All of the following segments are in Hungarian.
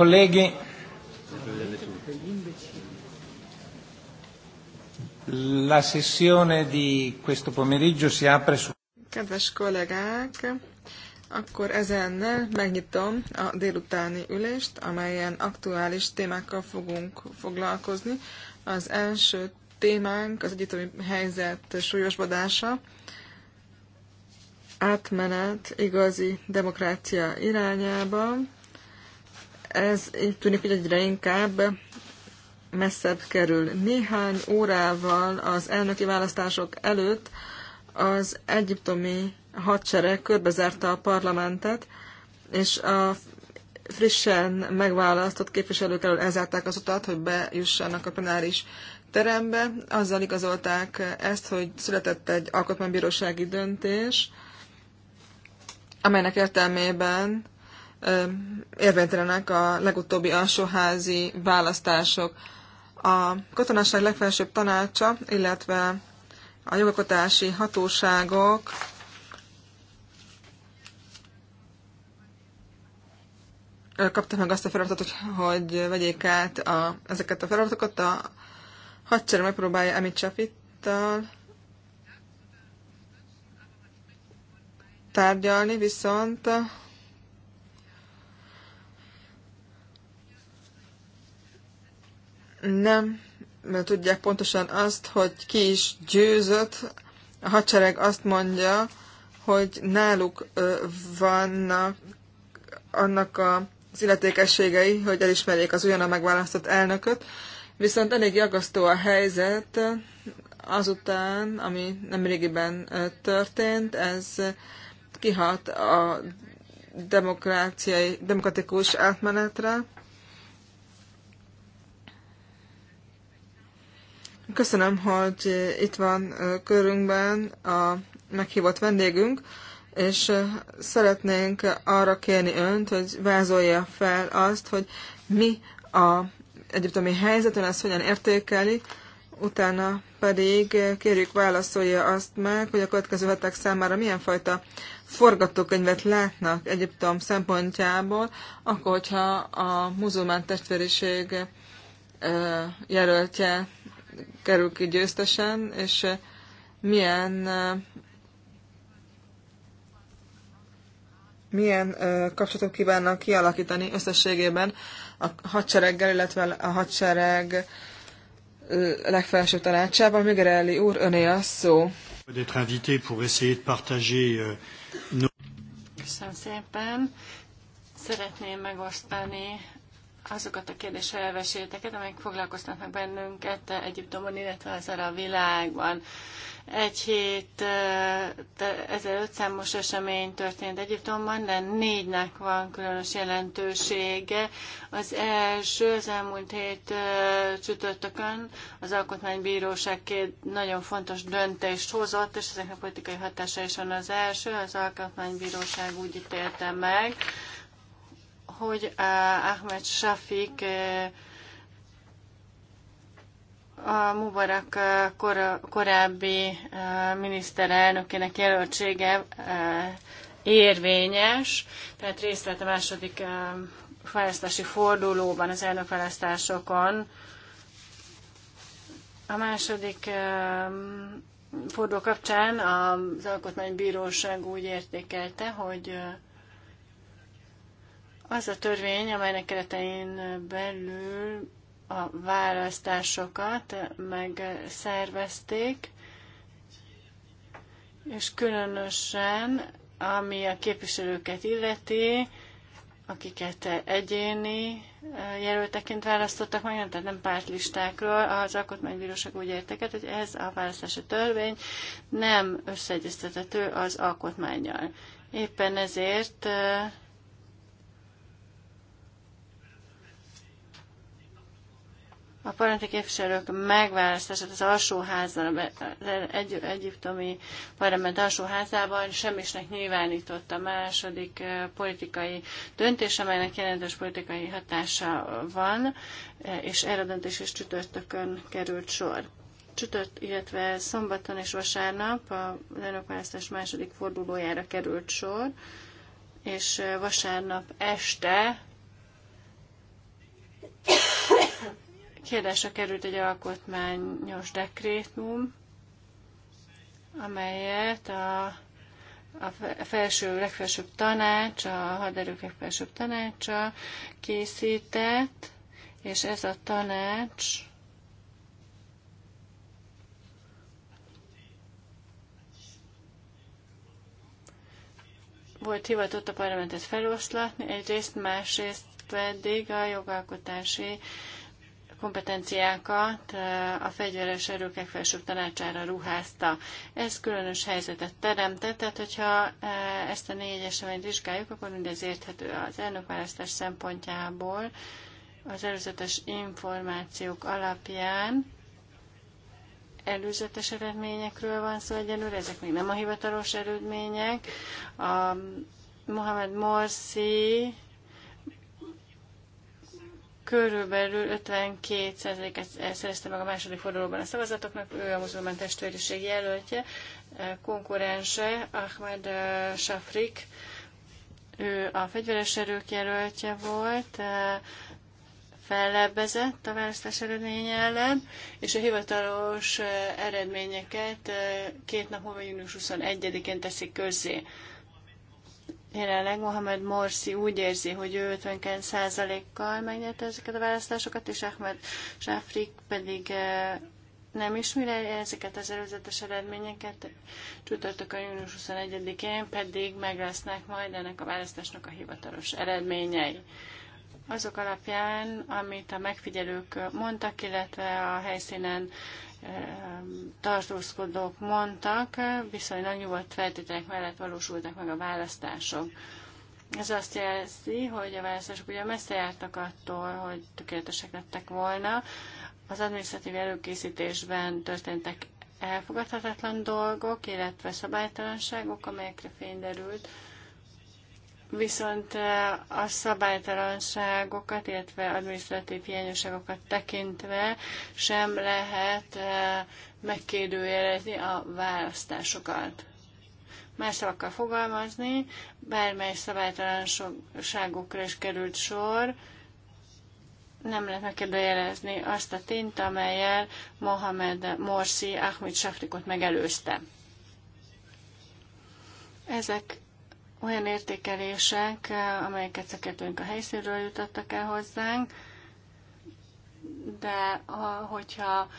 Colleghi, la sessione di questo pomeriggio si apre su... Kedves kollégák, akkor ezennel megnyitom a délutáni ülést, amelyen aktuális témákkal fogunk foglalkozni. Az első témánk az egyetemi helyzet súlyosbodása, átmenet igazi demokrácia irányába. Ez így tűnik, hogy egyre inkább messzebb kerül. Néhány órával az elnöki választások előtt az egyiptomi hadsereg körbezárta a parlamentet, és a frissen megválasztott képviselők elől elzárták az utat, hogy bejussanak a plenáris terembe. Azzal igazolták ezt, hogy született egy alkotmánybírósági döntés, amelynek értelmében érvénytelenek a legutóbbi alsóházi választások. A katonaság legfelsőbb tanácsa, illetve a jogalkotási hatóságok kapta meg azt a feladatot, hogy vegyék át a, ezeket a feladatokat. A hadsereg megpróbálja Emi Csapittal tárgyalni, viszont nem tudják pontosan azt, hogy ki is győzött. A hadsereg azt mondja, hogy náluk vannak annak a, az illetékességei, hogy elismerjék az a megválasztott elnököt, viszont elég jagasztó a helyzet azután, ami nemrégiben történt, ez kihat a demokráciai, demokratikus átmenetre, Köszönöm, hogy itt van körünkben a meghívott vendégünk, és szeretnénk arra kérni önt, hogy vázolja fel azt, hogy mi a egyiptomi helyzeten, ezt hogyan értékeli, utána pedig kérjük válaszolja azt meg, hogy a következő hetek számára milyen fajta forgatókönyvet látnak Egyiptom szempontjából, akkor, hogyha a muzulmán testvériség jelöltje kerül ki győztesen, és eh, milyen eh, milyen eh, kapcsolatot kívánnak kialakítani összességében a hadsereggel, illetve a hadsereg legfelső tanácsában. Migerelli úr, öné a szó. Euh, Köszönöm szépen. Szeretném megosztani azokat a kérdés elveséteket, amelyek foglalkoztatnak bennünket Egyiptomon, illetve az a világban. Egy hét 1500 számos esemény történt Egyiptomban, de négynek van különös jelentősége. Az első az elmúlt hét csütörtökön az Alkotmánybíróság két nagyon fontos döntést hozott, és ezeknek politikai hatása is van az első. Az Alkotmánybíróság úgy ítélte meg, hogy eh, Ahmed Shafik eh, a Mubarak eh, kor, korábbi miniszterelnökének jelöltsége érvényes, tehát részt vett a második választási fordulóban, az elnökválasztásokon. A második forduló kapcsán az Alkotmánybíróság úgy értékelte, hogy az a törvény, amelynek keretein belül a választásokat megszervezték, és különösen, ami a képviselőket illeti, akiket egyéni jelölteként választottak meg, tehát nem pártlistákról, az alkotmánybíróság úgy érteket, hogy ez a választási törvény nem összeegyeztethető az alkotmányjal. Éppen ezért a parlamenti képviselők megválasztását az alsóházban, az egy, egyiptomi parlament alsóházában semmisnek nyilvánított a második politikai döntés, amelynek jelentős politikai hatása van, és erre a döntés is csütörtökön került sor. Csütört, illetve szombaton és vasárnap a elnökválasztás második fordulójára került sor, és vasárnap este kérdésre került egy alkotmányos dekrétum, amelyet a, a felső, legfelsőbb tanács, a haderők legfelsőbb tanácsa készített, és ez a tanács volt hivatott a parlamentet feloszlatni, egyrészt, másrészt pedig a jogalkotási kompetenciákat a fegyveres erőkek felsőbb tanácsára ruházta. Ez különös helyzetet teremtett, tehát hogyha ezt a négy eseményt vizsgáljuk, akkor mindez érthető az elnökválasztás szempontjából, az előzetes információk alapján előzetes eredményekről van szó egyelőre, ezek még nem a hivatalos eredmények. A Mohamed Morsi körülbelül 52%-et szerezte meg a második fordulóban a szavazatoknak, ő a muzulmán testvériség jelöltje, e, konkurense Ahmed e, Shafrik, ő a fegyveres erők jelöltje volt, e, fellebbezett a választás eredménye ellen, és a hivatalos eredményeket két nap múlva június 21-én teszik közzé. Jelenleg Mohamed Morsi úgy érzi, hogy ő 59 kal megnyerte ezeket a választásokat, és Ahmed Zsáfrik pedig eh, nem ismeri ezeket az előzetes eredményeket. Csütörtökön június 21-én pedig meg lesznek majd ennek a választásnak a hivatalos eredményei. Azok alapján, amit a megfigyelők mondtak, illetve a helyszínen tartózkodók mondtak, viszonylag nyugodt feltételek mellett valósultak meg a választások. Ez azt jelzi, hogy a választások ugye messze jártak attól, hogy tökéletesek lettek volna. Az adminisztratív előkészítésben történtek elfogadhatatlan dolgok, illetve szabálytalanságok, amelyekre fény derült viszont a szabálytalanságokat, illetve adminisztratív hiányosságokat tekintve sem lehet megkérdőjelezni a választásokat. Más szavakkal fogalmazni, bármely szabálytalanságokra is került sor, nem lehet megkérdőjelezni azt a tényt, amelyel Mohamed Morsi Ahmed Safrikot megelőzte. Ezek olyan értékelések, amelyeket szakértőink a helyszínről jutottak el hozzánk, de hogyha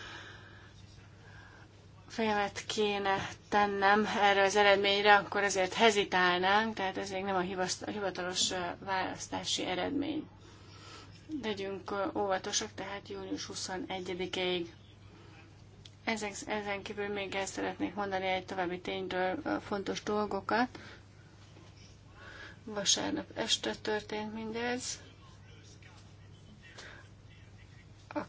fémet kéne tennem erre az eredményre, akkor azért hezitálnánk, tehát ez még nem a hivatalos választási eredmény. Legyünk óvatosak, tehát június 21-ig. ezen kívül még el szeretnék mondani egy további tényről fontos dolgokat. Vasárnap este történt mindez. A,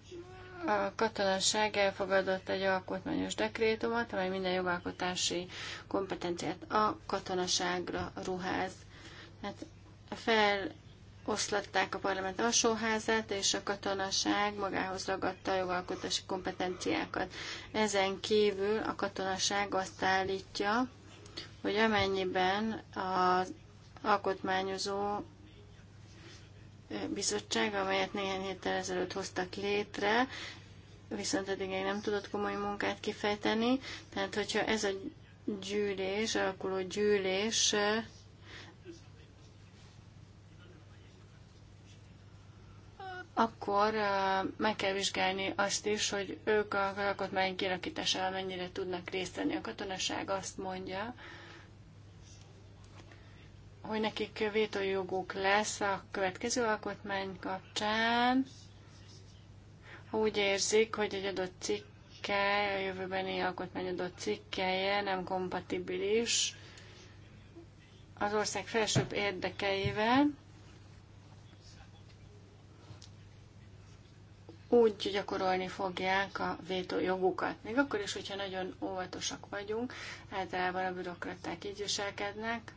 a katonaság elfogadott egy alkotmányos dekrétumot, amely minden jogalkotási kompetenciát a katonaságra ruház. Hát fel oszlatták a parlament alsóházát, és a katonaság magához ragadta a jogalkotási kompetenciákat. Ezen kívül a katonaság azt állítja, hogy amennyiben az alkotmányozó eh, bizottság, amelyet néhány héttel ezelőtt hoztak létre, viszont eddig még nem tudott komoly munkát kifejteni. Tehát, hogyha ez a gyűlés, alakuló gyűlés akkor eh, meg kell vizsgálni azt is, hogy ők a alkotmány kirakítására mennyire tudnak részt venni. A katonaság azt mondja, hogy nekik vétójoguk lesz a következő alkotmány kapcsán, ha úgy érzik, hogy egy adott cikke, a jövőbeni alkotmány adott cikkeje nem kompatibilis az ország felsőbb érdekeivel, úgy gyakorolni fogják a vétójogukat. Még akkor is, hogyha nagyon óvatosak vagyunk, általában a bürokraták így viselkednek,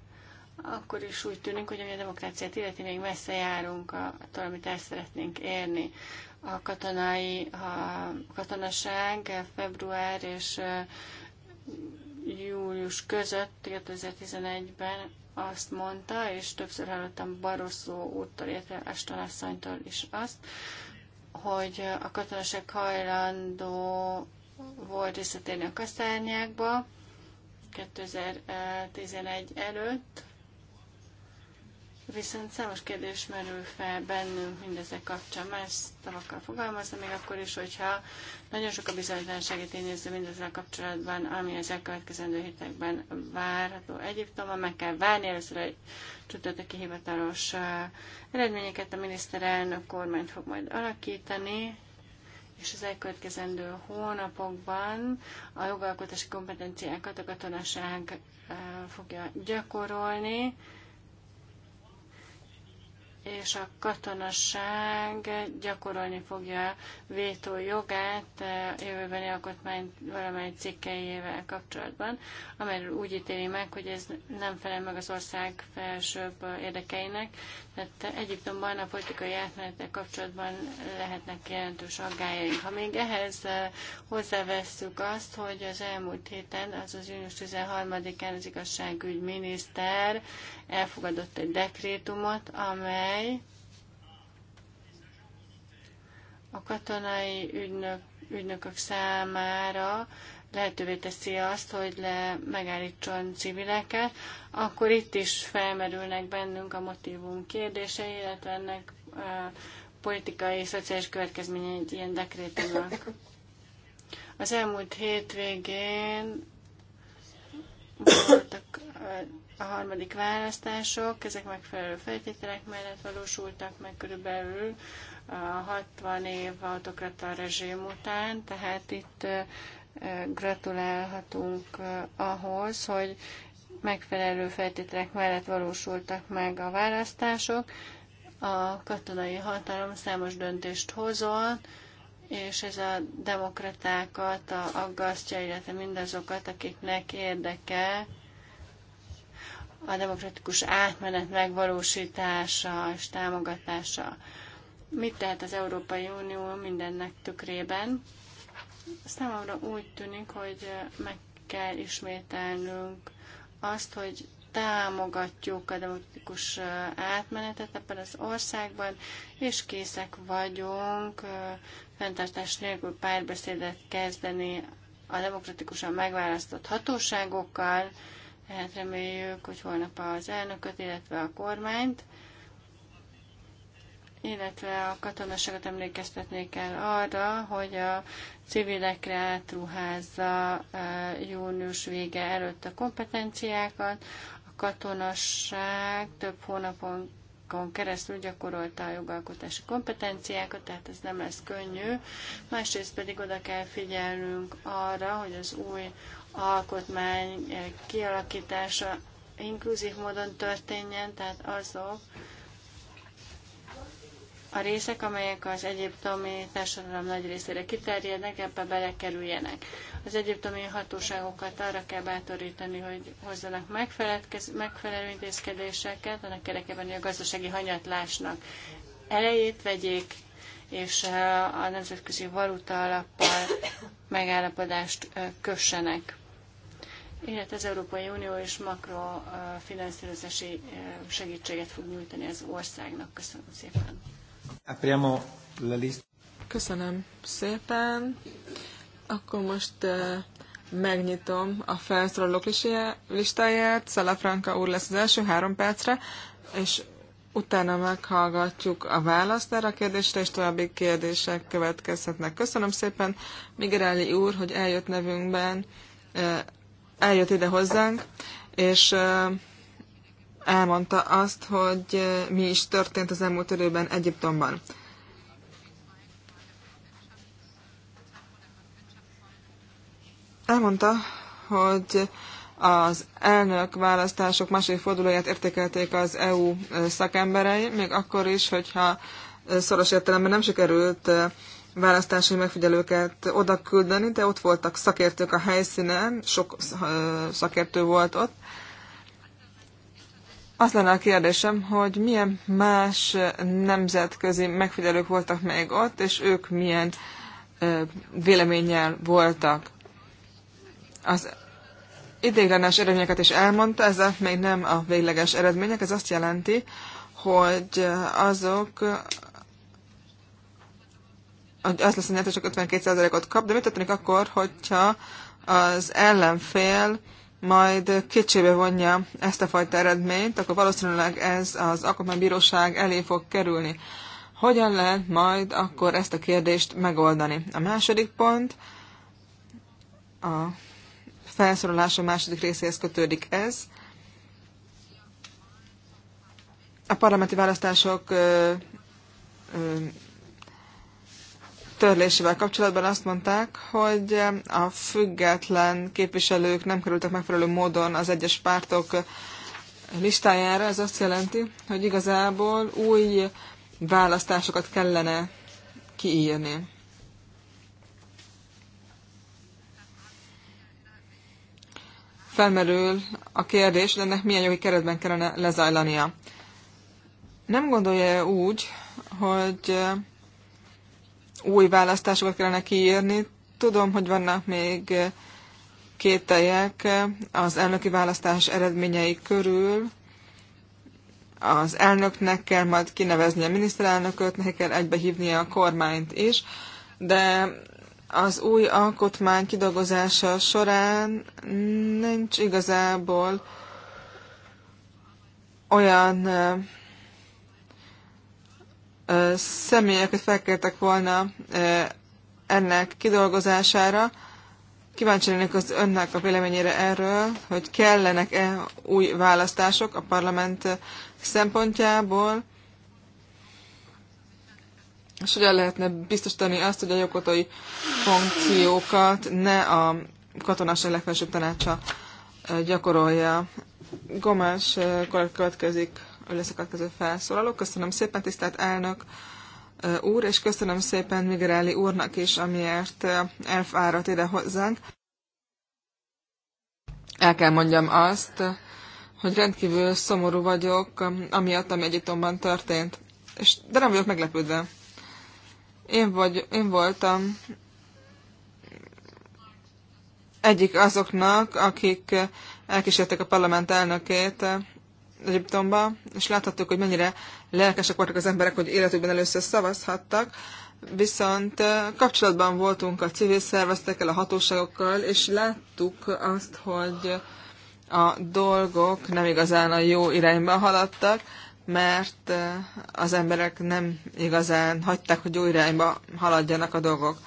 akkor is úgy tűnik, hogy ami a demokráciát illeti, még messze járunk attól, amit el szeretnénk érni. A katonai, a katonaság február és július között 2011-ben azt mondta, és többször hallottam Barroso úttal, illetve Aston asszonytól is azt, hogy a katonaság hajlandó volt visszatérni a kaszárnyákba 2011 előtt, Viszont számos kérdés merül fel bennünk mindezek kapcsán. Más szavakkal fogalmazza, még akkor is, hogyha nagyon sok a én tényező mindezzel kapcsolatban, ami az elkövetkezendő hétekben várható Egyiptomban, meg kell várni először egy csütörtöki hivatalos uh, eredményeket a miniszterelnök kormányt fog majd alakítani, és az elkövetkezendő hónapokban a jogalkotási kompetenciákat a katonaság uh, fogja gyakorolni, és a katonaság gyakorolni fogja vétó jogát a eh, jövőbeni alkotmány valamely cikkeivel kapcsolatban, amelyről úgy ítéli meg, hogy ez nem felel meg az ország felsőbb érdekeinek. Tehát Egyiptomban a politikai átmenetek kapcsolatban lehetnek jelentős aggájaink. Ha még ehhez eh, hozzávesszük azt, hogy az elmúlt héten, azaz június 13-án az igazságügyminiszter elfogadott egy dekrétumot, amely a katonai ügynök, ügynökök számára lehetővé teszi azt, hogy le megállítson civileket, akkor itt is felmerülnek bennünk a motivum kérdései, illetve ennek e, politikai és szociális következménye egy ilyen dekrétumnak. Az elmúlt hétvégén voltak a harmadik választások, ezek megfelelő feltételek mellett valósultak meg körülbelül a 60 év autokrata rezsém után, tehát itt gratulálhatunk ahhoz, hogy megfelelő feltételek mellett valósultak meg a választások. A katonai hatalom számos döntést hozott, és ez a demokratákat aggasztja, illetve mindazokat, akiknek érdeke a demokratikus átmenet megvalósítása és támogatása. Mit tehet az Európai Unió mindennek tükrében? Számomra úgy tűnik, hogy meg kell ismételnünk azt, hogy támogatjuk a demokratikus átmenetet ebben az országban, és készek vagyunk fenntartás nélkül párbeszédet kezdeni a demokratikusan megválasztott hatóságokkal, tehát reméljük, hogy holnap az elnököt, illetve a kormányt, illetve a katonaságot emlékeztetnék el arra, hogy a civilekre átruházza június vége előtt a kompetenciákat, a katonasság több hónapon keresztül gyakorolta a jogalkotási kompetenciákat, tehát ez nem lesz könnyű. Másrészt pedig oda kell figyelnünk arra, hogy az új alkotmány eh, kialakítása inkluzív módon történjen, tehát azok a részek, amelyek az egyiptomi társadalom nagy részére kiterjednek, ebbe belekerüljenek. Az egyiptomi hatóságokat arra kell bátorítani, hogy hozzanak megfelelő intézkedéseket, annak érdekében, hogy a gazdasági hanyatlásnak elejét vegyék, és eh, a nemzetközi valuta alappal megállapodást eh, kössenek illetve az Európai Unió és makrofinanszírozási segítséget fog nyújtani az országnak. Köszönöm szépen. Köszönöm szépen. Akkor most megnyitom a felszólalók listáját. Szalafranka úr lesz az első három percre, és utána meghallgatjuk a választ erre a kérdésre, és további kérdések következhetnek. Köszönöm szépen Migeráli úr, hogy eljött nevünkben eljött ide hozzánk, és elmondta azt, hogy mi is történt az elmúlt időben Egyiptomban. Elmondta, hogy az elnök választások második fordulóját értékelték az EU szakemberei, még akkor is, hogyha szoros értelemben nem sikerült választási megfigyelőket oda küldeni, de ott voltak szakértők a helyszínen, sok szakértő volt ott. Az lenne a kérdésem, hogy milyen más nemzetközi megfigyelők voltak még ott, és ők milyen véleménnyel voltak. Az idéglenes eredményeket is elmondta, ezek még nem a végleges eredmények, ez azt jelenti, hogy azok, az lesz, hogy csak 52%-ot kap, de mit történik akkor, hogyha az ellenfél majd kétségbe vonja ezt a fajta eredményt, akkor valószínűleg ez az alkotmánybíróság elé fog kerülni. Hogyan lehet majd akkor ezt a kérdést megoldani? A második pont, a felszorolása második részéhez kötődik ez. A parlamenti választások törlésével kapcsolatban azt mondták, hogy a független képviselők nem kerültek megfelelő módon az egyes pártok listájára. Ez azt jelenti, hogy igazából új választásokat kellene kiírni. Felmerül a kérdés, hogy ennek milyen jogi keretben kellene lezajlania. Nem gondolja úgy, hogy új választásokat kellene kiírni. Tudom, hogy vannak még kételjek az elnöki választás eredményei körül. Az elnöknek kell majd kinevezni a miniszterelnököt, neki kell egybehívnia a kormányt is, de az új alkotmány kidolgozása során nincs igazából olyan személyeket felkértek volna ennek kidolgozására. Kíváncsi lennék az önnek a véleményére erről, hogy kellenek-e új választások a parlament szempontjából, és hogyan lehetne biztosítani azt, hogy a jogotai funkciókat ne a katonaság legfelsőbb tanácsa gyakorolja. Gomes következik összekötkező felszólaló. Köszönöm szépen, tisztelt elnök úr, és köszönöm szépen Migreli úrnak is, amiért elfáradt ide hozzánk. El kell mondjam azt, hogy rendkívül szomorú vagyok, amiatt, ami Egyiptomban történt. És, de nem vagyok meglepődve. Én, vagy, én voltam egyik azoknak, akik elkísérték a parlament elnökét Egyiptomba, és láthattuk, hogy mennyire lelkesek voltak az emberek, hogy életükben először szavazhattak, viszont kapcsolatban voltunk a civil szervezetekkel, a hatóságokkal, és láttuk azt, hogy a dolgok nem igazán a jó irányba haladtak, mert az emberek nem igazán hagyták, hogy jó irányba haladjanak a dolgok.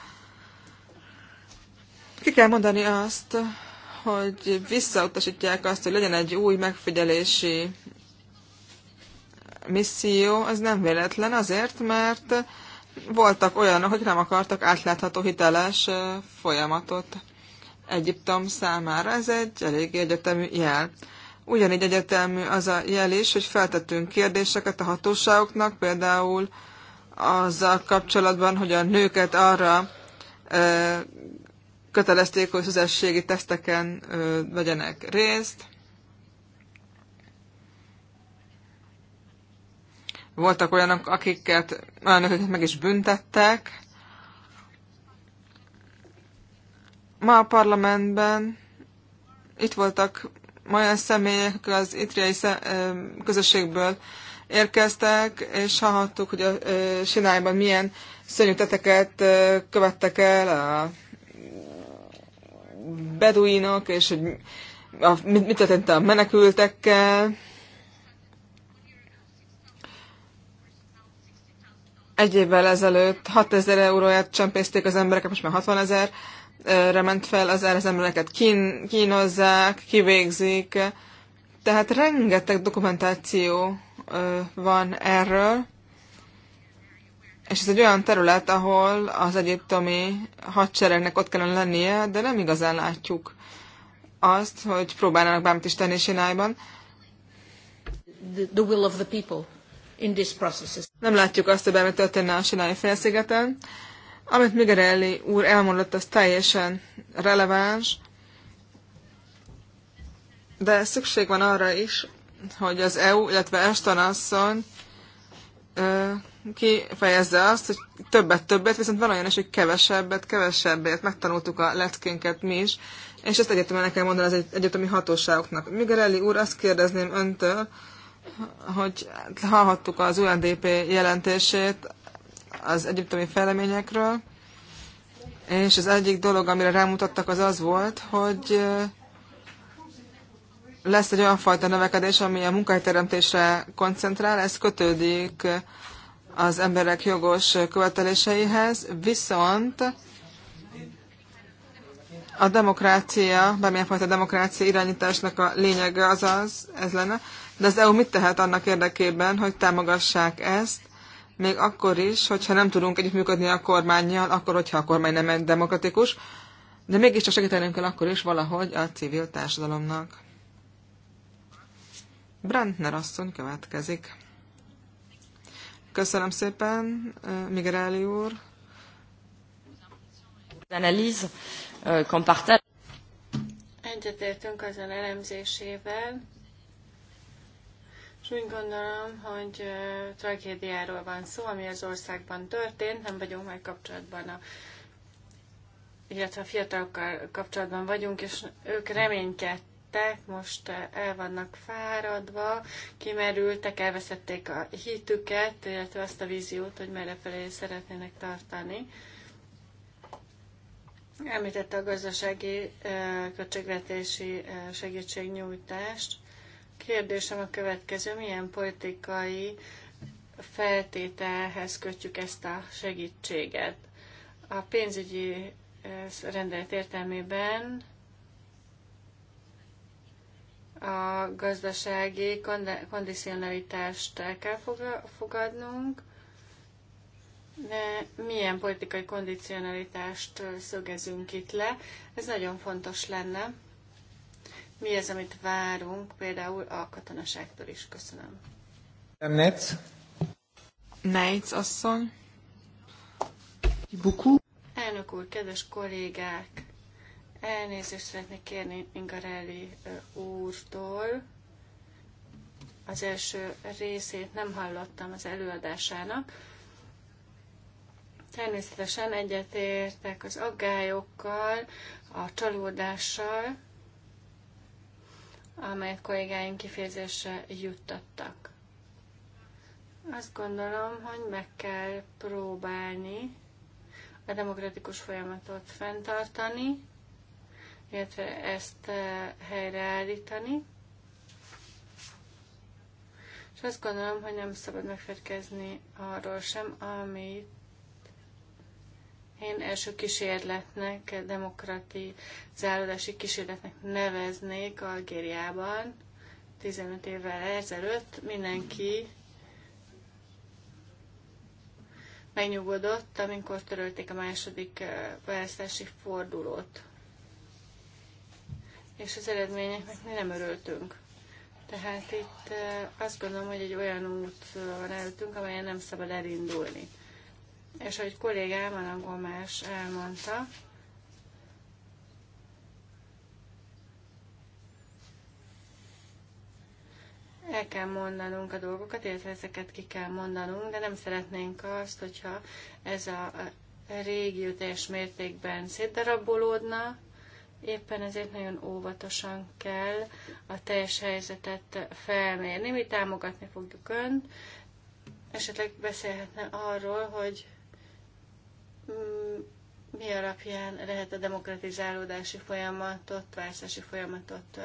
Ki kell mondani azt, hogy visszautasítják azt, hogy legyen egy új megfigyelési misszió, az nem véletlen azért, mert voltak olyanok, hogy nem akartak átlátható hiteles folyamatot Egyiptom számára. Ez egy elég egyetemű jel. Ugyanígy egyetemű az a jel is, hogy feltettünk kérdéseket a hatóságoknak, például azzal kapcsolatban, hogy a nőket arra kötelezték, hogy szüzességi teszteken ö, vegyenek részt. Voltak olyanok, akiket, olyanok, akiket meg is büntettek. Ma a parlamentben itt voltak olyan személyek, akik az itriai közösségből érkeztek, és hallhattuk, hogy a Sinályban milyen szörnyű követtek el a beduinok, és hogy a, mit, mit történt a menekültekkel. Egy évvel ezelőtt 6000 euróját csempészték az embereket, most már 60 ezerre ment fel az az embereket kín, kínozzák, kivégzik. Tehát rengeteg dokumentáció van erről és ez egy olyan terület, ahol az egyiptomi hadseregnek ott kellene lennie, de nem igazán látjuk azt, hogy próbálnának bármit is tenni Sinájban. The will of the people in these processes. Nem látjuk azt, hogy bármi történne a Sinai félszigeten. Amit Migarelli úr elmondott, az teljesen releváns, de szükség van arra is, hogy az EU, illetve Eston asszony kifejezze azt, hogy többet többet, viszont van olyan is, hogy kevesebbet kevesebbet. Megtanultuk a leckénket mi is, és ezt egyetemen el kell mondani az egyetemi hatóságoknak. Migerelli úr, azt kérdezném öntől, hogy hallhattuk az UNDP jelentését az egyiptomi fejleményekről, és az egyik dolog, amire rámutattak, az az volt, hogy eh, lesz egy olyan fajta növekedés, ami a munkahelyteremtésre koncentrál, ez kötődik az emberek jogos követeléseihez, viszont a demokrácia, bármilyen fajta demokrácia irányításnak a lényege az az, ez lenne, de az EU mit tehet annak érdekében, hogy támogassák ezt, még akkor is, hogyha nem tudunk együttműködni a kormányjal, akkor, hogyha a kormány nem demokratikus, de mégiscsak segítenünk kell akkor is valahogy a civil társadalomnak. Brandner asszony következik. Köszönöm szépen, Migreli úr. Egyetértünk az elemzésével, és úgy gondolom, hogy tragédiáról van szó, ami az országban történt, nem vagyunk meg kapcsolatban a illetve a fiatalokkal kapcsolatban vagyunk, és ők reménykedtek lettek, most eh, el vannak fáradva, kimerültek, elveszették a hitüket, illetve azt a víziót, hogy merre felé szeretnének tartani. Említette a gazdasági eh, költségvetési eh, segítségnyújtást. Kérdésem a következő, milyen politikai feltételhez kötjük ezt a segítséget? A pénzügyi rendelet értelmében a gazdasági kondicionalitást el kell fogadnunk, de milyen politikai kondicionalitást szögezünk itt le, ez nagyon fontos lenne. Mi az, amit várunk például a katonaságtól is? Köszönöm. Netz. Neitz asszony. Buku. Elnök úr, kedves kollégák! Elnézést szeretnék kérni Ingarelli úrtól. Az első részét nem hallottam az előadásának. Természetesen egyetértek az aggályokkal, a csalódással, amelyet kollégáink kifejezésre juttattak. Azt gondolom, hogy meg kell próbálni a demokratikus folyamatot fenntartani, illetve ezt eh, helyreállítani. És azt gondolom, hogy nem szabad megfedkezni arról sem, amit én első kísérletnek, demokratizálódási kísérletnek neveznék Algériában 15 évvel ezelőtt. Mindenki megnyugodott, amikor törölték a második eh, választási fordulót és az eredményeknek mi nem örültünk. Tehát itt azt gondolom, hogy egy olyan út van előttünk, amelyen nem szabad elindulni. És ahogy kollégám, a Gomás elmondta, el kell mondanunk a dolgokat, illetve ezeket ki kell mondanunk, de nem szeretnénk azt, hogyha ez a régió teljes mértékben szétdarabolódna, Éppen ezért nagyon óvatosan kell a teljes helyzetet felmérni. Mi támogatni fogjuk Önt. Esetleg beszélhetne arról, hogy mm, mi alapján lehet a demokratizálódási folyamatot, választási folyamatot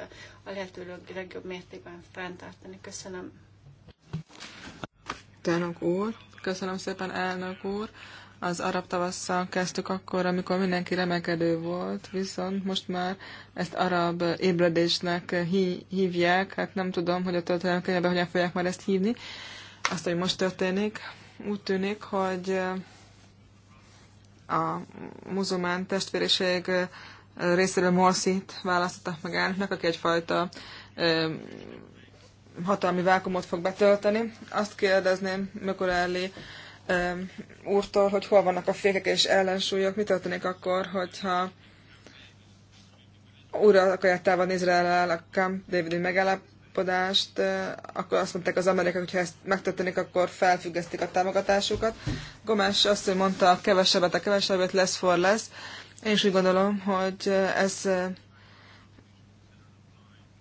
a lehető legjobb mértékben fenntartani. Köszönöm. Elnök úr, köszönöm szépen, elnök úr az arab tavasszal kezdtük akkor, amikor mindenki remekedő volt, viszont most már ezt arab ébredésnek hívják, hát nem tudom, hogy a történelem hogyan fogják már ezt hívni, azt, hogy most történik. Úgy tűnik, hogy eh, a muzulmán testvériség eh, részéről Morsit választottak meg elnöknek, aki egyfajta eh, hatalmi vákumot fog betölteni. Azt kérdezném elé úrtól, hogy hol vannak a fékek és ellensúlyok, mi történik akkor, hogyha újra akarják támadni Izrael a Camp David megállapodást, eh, akkor azt mondták az amerikai, hogy ha ezt megtörténik, akkor felfüggesztik a támogatásukat. Gomes azt, hogy mondta, kevesebbet a kevesebbet, lesz for lesz. Én is úgy gondolom, hogy ez eh,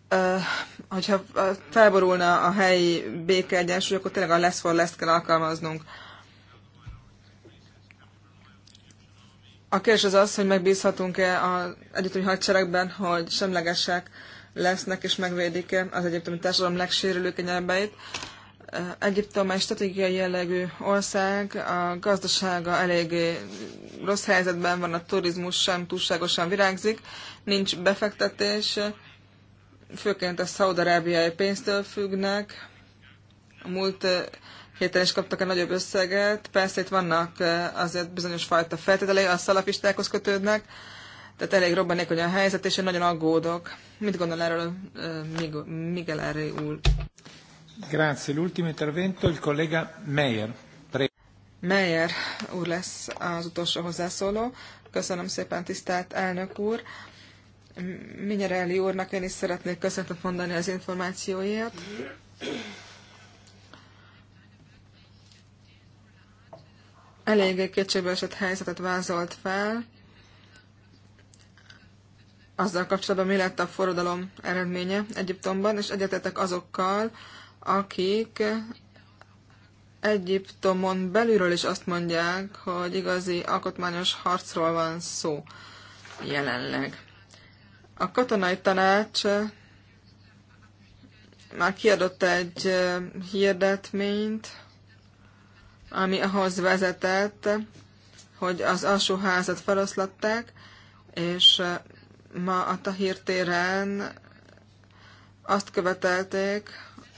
eh, hogyha felborulna a helyi békeegyensúly, akkor tényleg a lesz for lesz kell alkalmaznunk. A kérdés az az, hogy megbízhatunk-e az egyiptomi hadseregben, hogy semlegesek lesznek és megvédik-e az egyiptomi társadalom legsérülőkenyebbeit. Egyiptom egy stratégiai jellegű ország, a gazdasága eléggé rossz helyzetben van, a turizmus sem túlságosan virágzik, nincs befektetés, főként a szaudarábiai pénztől függnek. A múlt héten is kaptak egy nagyobb összeget. Persze itt vannak azért bizonyos fajta feltételei, a szalafistákhoz kötődnek, tehát elég robbanékony a helyzet, és én nagyon aggódok. Mit gondol erről Miguel Erre úr? Grazie. L'ultimo intervento il collega Meyer. Pre- Meyer úr lesz az utolsó hozzászóló. Köszönöm szépen, tisztelt elnök úr. Minyerelli úrnak én is szeretnék köszönetet mondani az információért. eléggé kétségbeesett helyzetet vázolt fel, azzal kapcsolatban mi lett a forradalom eredménye Egyiptomban, és egyetetek azokkal, akik Egyiptomon belülről is azt mondják, hogy igazi alkotmányos harcról van szó jelenleg. A katonai tanács már kiadott egy eh, hirdetményt, ami ahhoz vezetett, hogy az házat feloszlatták, és ma a Tahir téren azt követelték,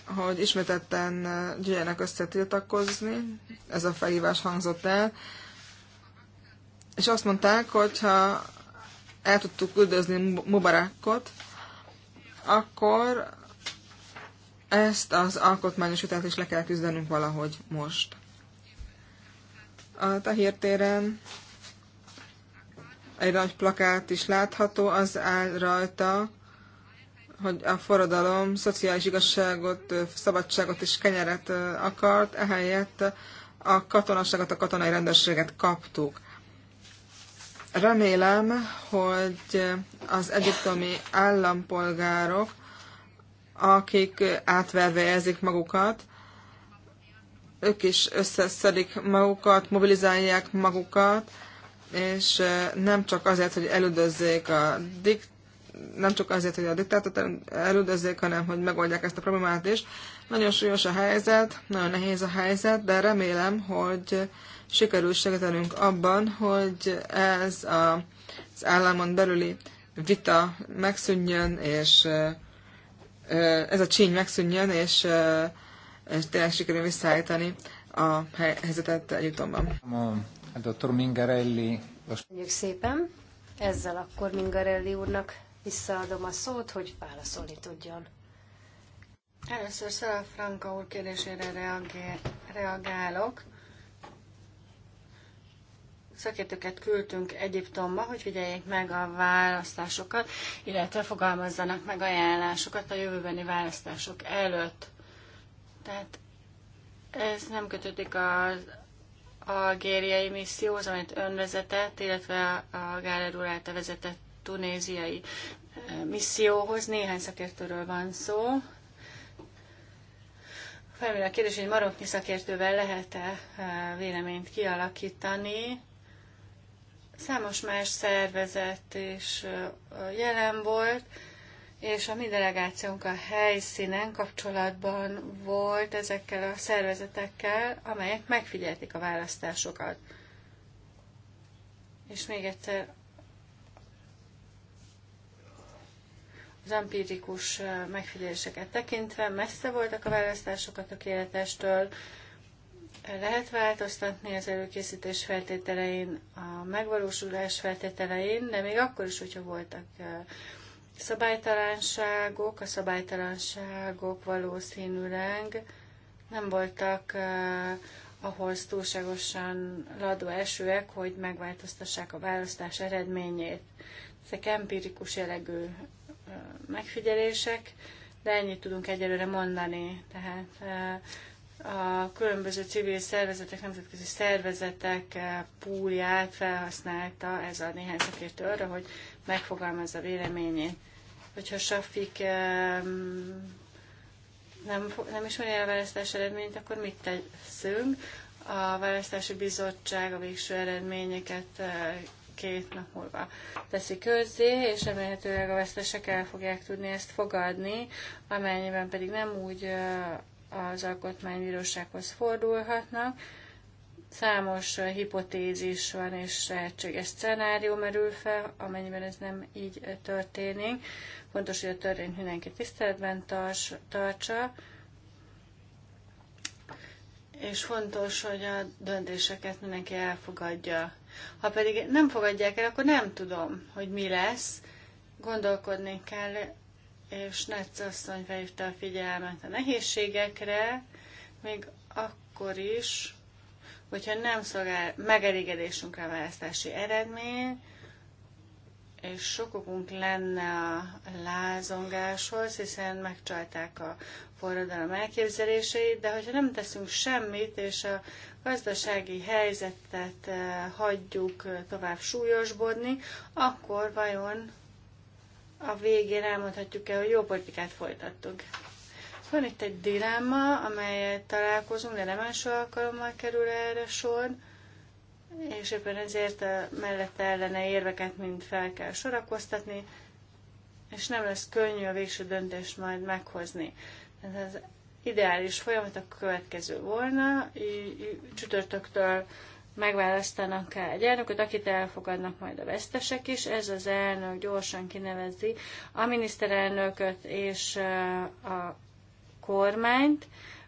hogy ismételten gyűjjenek összetiltakozni, ez a felhívás hangzott el, és azt mondták, hogy ha el tudtuk üldözni Mubarakot, akkor ezt az alkotmányos vitát is le kell küzdenünk valahogy most. A téren egy nagy plakát is látható, az áll rajta, hogy a forradalom szociális igazságot, szabadságot és kenyeret akart, ehelyett a katonaságot, a katonai rendőrséget kaptuk. Remélem, hogy az egyiptomi állampolgárok, akik átverve érzik magukat, ők is összeszedik magukat, mobilizálják magukat, és nem csak azért, hogy elüldözzék a dikt, nem csak azért, hogy a diktátort elüldözzék, hanem hogy megoldják ezt a problémát is. Nagyon súlyos a helyzet, nagyon nehéz a helyzet, de remélem, hogy sikerül segítenünk abban, hogy ez a, az államon belüli vita megszűnjön, és ez a csíny megszűnjön, és és tényleg sikerül visszaállítani a helyzetet Egyiptomban. A dr. Mingarelli. Köszönjük szépen. Ezzel akkor Mingarelli úrnak visszaadom a szót, hogy válaszolni tudjon. Először Szala Franka úr kérdésére reagál, reagálok. Szakértőket küldtünk Egyiptomba, hogy figyeljék meg a választásokat, illetve fogalmazzanak meg ajánlásokat a jövőbeni választások előtt. Tehát ez nem kötődik az algériai misszióhoz, amit ön vezetett, illetve a Gáler úr által vezetett tunéziai eh, misszióhoz. Néhány szakértőről van szó. Felmerül a kérdés, hogy maroknyi szakértővel lehet-e eh, véleményt kialakítani. Számos más szervezet is eh, jelen volt, és a mi delegációnk a helyszínen kapcsolatban volt ezekkel a szervezetekkel, amelyek megfigyelték a választásokat. És még egyszer az empirikus megfigyeléseket tekintve messze voltak a választások a tökéletestől, lehet változtatni az előkészítés feltételein, a megvalósulás feltételein, de még akkor is, hogyha voltak szabálytalanságok, a szabálytalanságok valószínűleg nem voltak uh, ahhoz túlságosan ladó esőek, hogy megváltoztassák a választás eredményét. Ezek empirikus jellegű uh, megfigyelések, de ennyit tudunk egyelőre mondani. Tehát uh, a különböző civil szervezetek, nemzetközi szervezetek púlját felhasználta ez a néhány szakértő arra, hogy megfogalmazza véleményét. Hogyha Safik nem, nem ismeri a választás eredményt, akkor mit teszünk? A választási bizottság a végső eredményeket eh, két nap múlva teszi közzé, és remélhetőleg a vesztesek el fogják tudni ezt fogadni, amennyiben pedig nem úgy eh, az alkotmánybírósághoz fordulhatnak, Számos hipotézis van és lehetséges szenárió merül fel, amennyiben ez nem így történik. Fontos, hogy a törvényt mindenki tiszteletben tartsa, és fontos, hogy a döntéseket mindenki elfogadja. Ha pedig nem fogadják el, akkor nem tudom, hogy mi lesz. Gondolkodni kell, és Netsz asszony felhívta a figyelmet a nehézségekre, még akkor is, hogyha nem szolgál megelégedésünkre a választási eredmény, és sokokunk lenne a lázongáshoz, hiszen megcsalták a forradalom elképzeléseit, de hogyha nem teszünk semmit, és a gazdasági helyzetet eh, hagyjuk eh, tovább súlyosbodni, akkor vajon a végén elmondhatjuk-e, hogy jó politikát folytattuk. Van itt egy dilemma, amelyet találkozunk, de nem első alkalommal kerül erre sor, és éppen ezért a mellette ellene érveket mind fel kell sorakoztatni, és nem lesz könnyű a végső döntést majd meghozni. Ez az ideális folyamat a következő volna, csütörtöktől megválasztanak el egy elnököt, akit elfogadnak majd a vesztesek is. Ez az elnök gyorsan kinevezi a miniszterelnököt és a kormányt,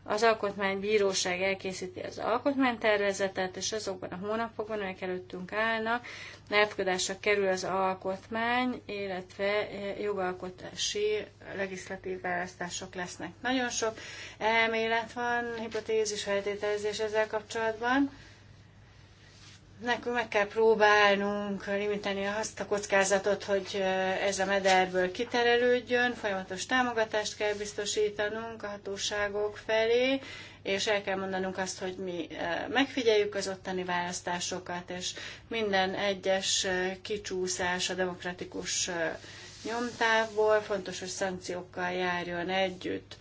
az alkotmánybíróság elkészíti az alkotmánytervezetet, és azokban a hónapokban, amelyek előttünk állnak, elfogadásra kerül az alkotmány, illetve e, jogalkotási legislatív választások lesznek. Nagyon sok elmélet van, hipotézis, feltételezés ezzel kapcsolatban nekünk meg kell próbálnunk limitálni azt a kockázatot, hogy ez a mederből kiterelődjön, folyamatos támogatást kell biztosítanunk a hatóságok felé, és el kell mondanunk azt, hogy mi megfigyeljük az ottani választásokat, és minden egyes kicsúszás a demokratikus nyomtávból fontos, hogy szankciókkal járjon együtt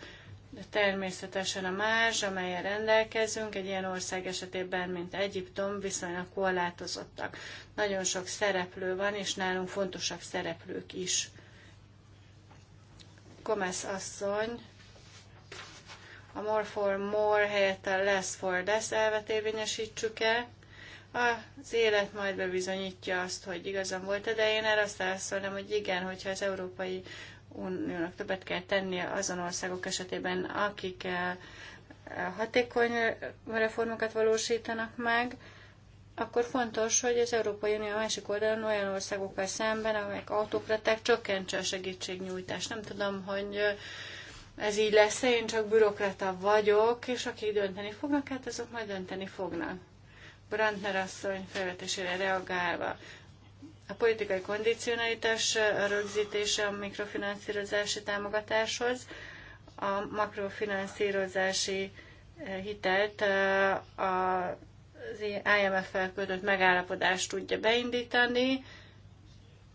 de természetesen a más, amelyen rendelkezünk, egy ilyen ország esetében, mint Egyiptom, viszonylag korlátozottak. Nagyon sok szereplő van, és nálunk fontosabb szereplők is. Gomez asszony a more for more helyett a less for less elvet érvényesítsük el. Az élet majd bebizonyítja azt, hogy igazam volt, de én erre azt nem hogy igen, hogyha az Európai Uniónak többet kell tennie azon országok esetében, akik eh, hatékony reformokat valósítanak meg, akkor fontos, hogy az Európai Unió másik oldalon olyan országokkal szemben, amelyek autokraták csökkentse a segítségnyújtást. Nem tudom, hogy eh, ez így lesz -e, én csak bürokrata vagyok, és akik dönteni fognak, hát azok majd dönteni fognak. Brandner asszony felvetésére reagálva a politikai kondicionalitás rögzítése a mikrofinanszírozási támogatáshoz, a makrofinanszírozási eh, hitelt eh, az IMF-fel kötött megállapodást tudja beindítani,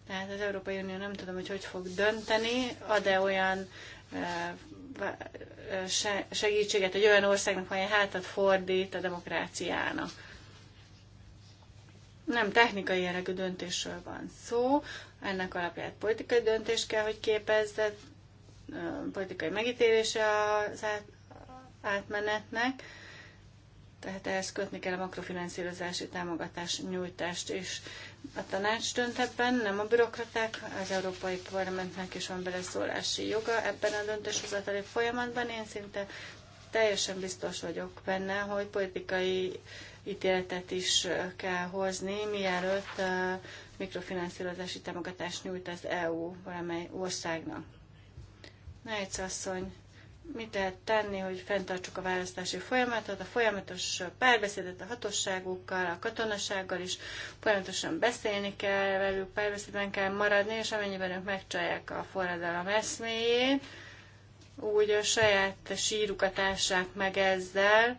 tehát az Európai Unió nem tudom, hogy hogy fog dönteni, ad-e olyan eh, segítséget, hogy olyan országnak, amely hátat fordít a demokráciának. Nem technikai jellegű döntésről van szó, ennek alapját politikai döntés kell, hogy képezze, politikai megítélése az átmenetnek, tehát ehhez kötni kell a makrofinanszírozási támogatás nyújtást is. A tanács dönt ebben, nem a bürokraták, az Európai Parlamentnek is van beleszólási joga ebben a döntéshozatali folyamatban. Én szinte teljesen biztos vagyok benne, hogy politikai ítéletet is kell hozni, mielőtt mikrofinanszírozási támogatást nyújt az EU valamely országnak. Nejc asszony, mit lehet tenni, hogy fenntartsuk a választási folyamatot, a folyamatos párbeszédet a hatóságukkal, a katonasággal is, folyamatosan beszélni kell velük, párbeszédben kell maradni, és amennyiben ők megcsalják a forradalom eszméjét, úgy a saját sírukat meg ezzel,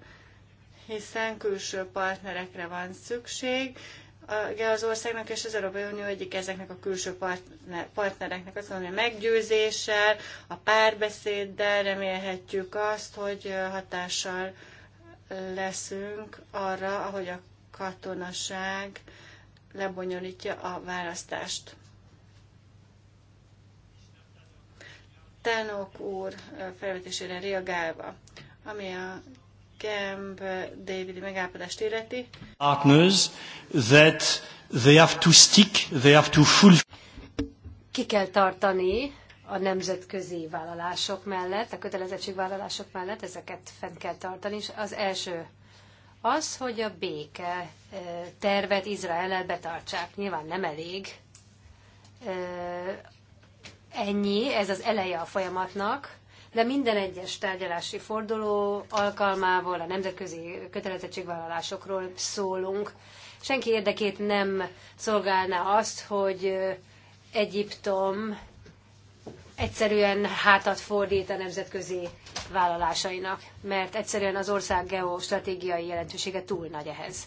hiszen külső partnerekre van szükség, az országnak és az Európai Unió egyik ezeknek a külső partner, partnereknek azt mondom, hogy a meggyőzéssel, a párbeszéddel remélhetjük azt, hogy hatással leszünk arra, ahogy a katonaság lebonyolítja a választást. Tenok úr felvetésére reagálva, ami a Camp David megállapodást illeti. Partners that they have to stick, they have to fulfill. Ki kell tartani a nemzetközi vállalások mellett, a kötelezettségvállalások mellett, ezeket fent kell tartani, és az első az, hogy a béke eh, tervet izrael betartsák. Nyilván nem elég eh, ennyi, ez az eleje a folyamatnak, de minden egyes tárgyalási forduló alkalmával a nemzetközi kötelezettségvállalásokról szólunk. Senki érdekét nem szolgálná azt, hogy Egyiptom egyszerűen hátat fordít a nemzetközi vállalásainak, mert egyszerűen az ország geostratégiai jelentősége túl nagy ehhez.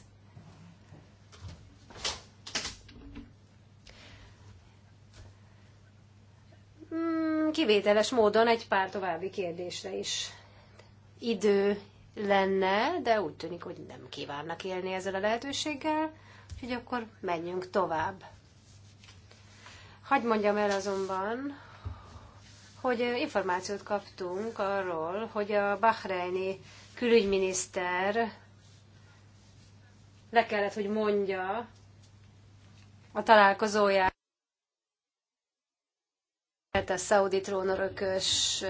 kivételes módon egy pár további kérdésre is idő lenne, de úgy tűnik, hogy nem kívánnak élni ezzel a lehetőséggel, úgyhogy akkor menjünk tovább. Hagy mondjam el azonban, hogy információt kaptunk arról, hogy a bahreini külügyminiszter le kellett, hogy mondja a találkozóját őket a szaudi trónörökös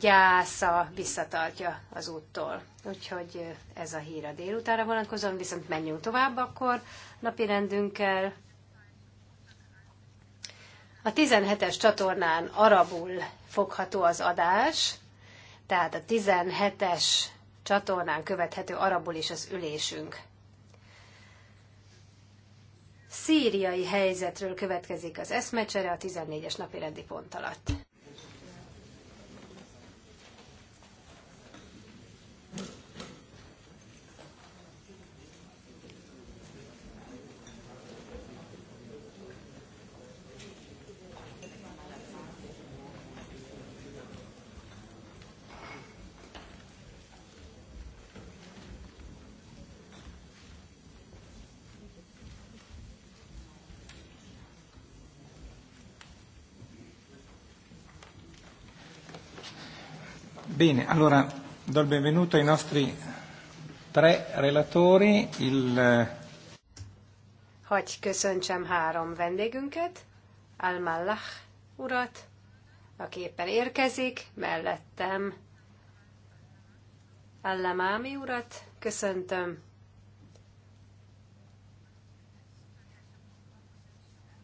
gyásza visszatartja az úttól. Úgyhogy ez a hír a délutára vonatkozóan, viszont menjünk tovább akkor napi rendünkkel. A 17-es csatornán arabul fogható az adás, tehát a 17-es csatornán követhető arabul is az ülésünk szíriai helyzetről következik az eszmecsere a 14-es napi rendi pont alatt. Bene, allora do il benvenuto ai nostri tre relatori. Il... Hogy eh, köszöntsem három vendégünket, Almallach urat, aki éppen érkezik, mellettem Allamámi urat köszöntöm,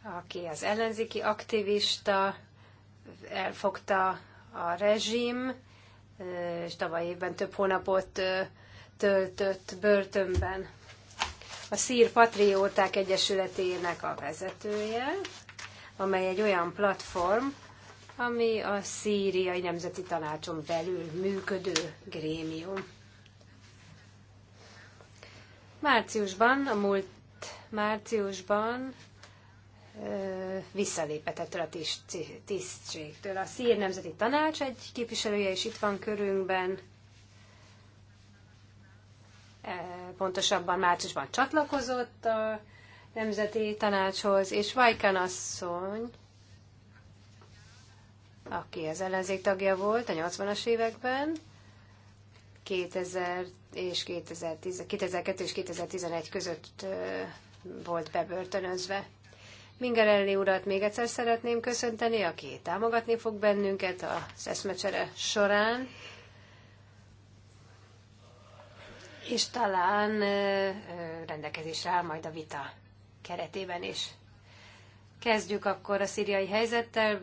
aki az ellenzéki aktivista, elfogta a rezsim és tavaly évben több hónapot töltött börtönben. A Szír Patrióták Egyesületének a vezetője, amely egy olyan platform, ami a Szíriai Nemzeti Tanácson belül működő grémium. Márciusban, a múlt márciusban visszalépett ettől a tisztségtől. A Szír Nemzeti Tanács egy képviselője is itt van körünkben. Pontosabban márciusban csatlakozott a Nemzeti Tanácshoz, és Vajkan asszony, aki az ellenzék tagja volt a 80-as években, 2000 és 2010, 2002 és 2011 között volt bebörtönözve. Mingerelli urat még egyszer szeretném köszönteni, aki támogatni fog bennünket az eszmecsere során. És talán rendelkezésre áll majd a vita keretében is. Kezdjük akkor a szíriai helyzettel.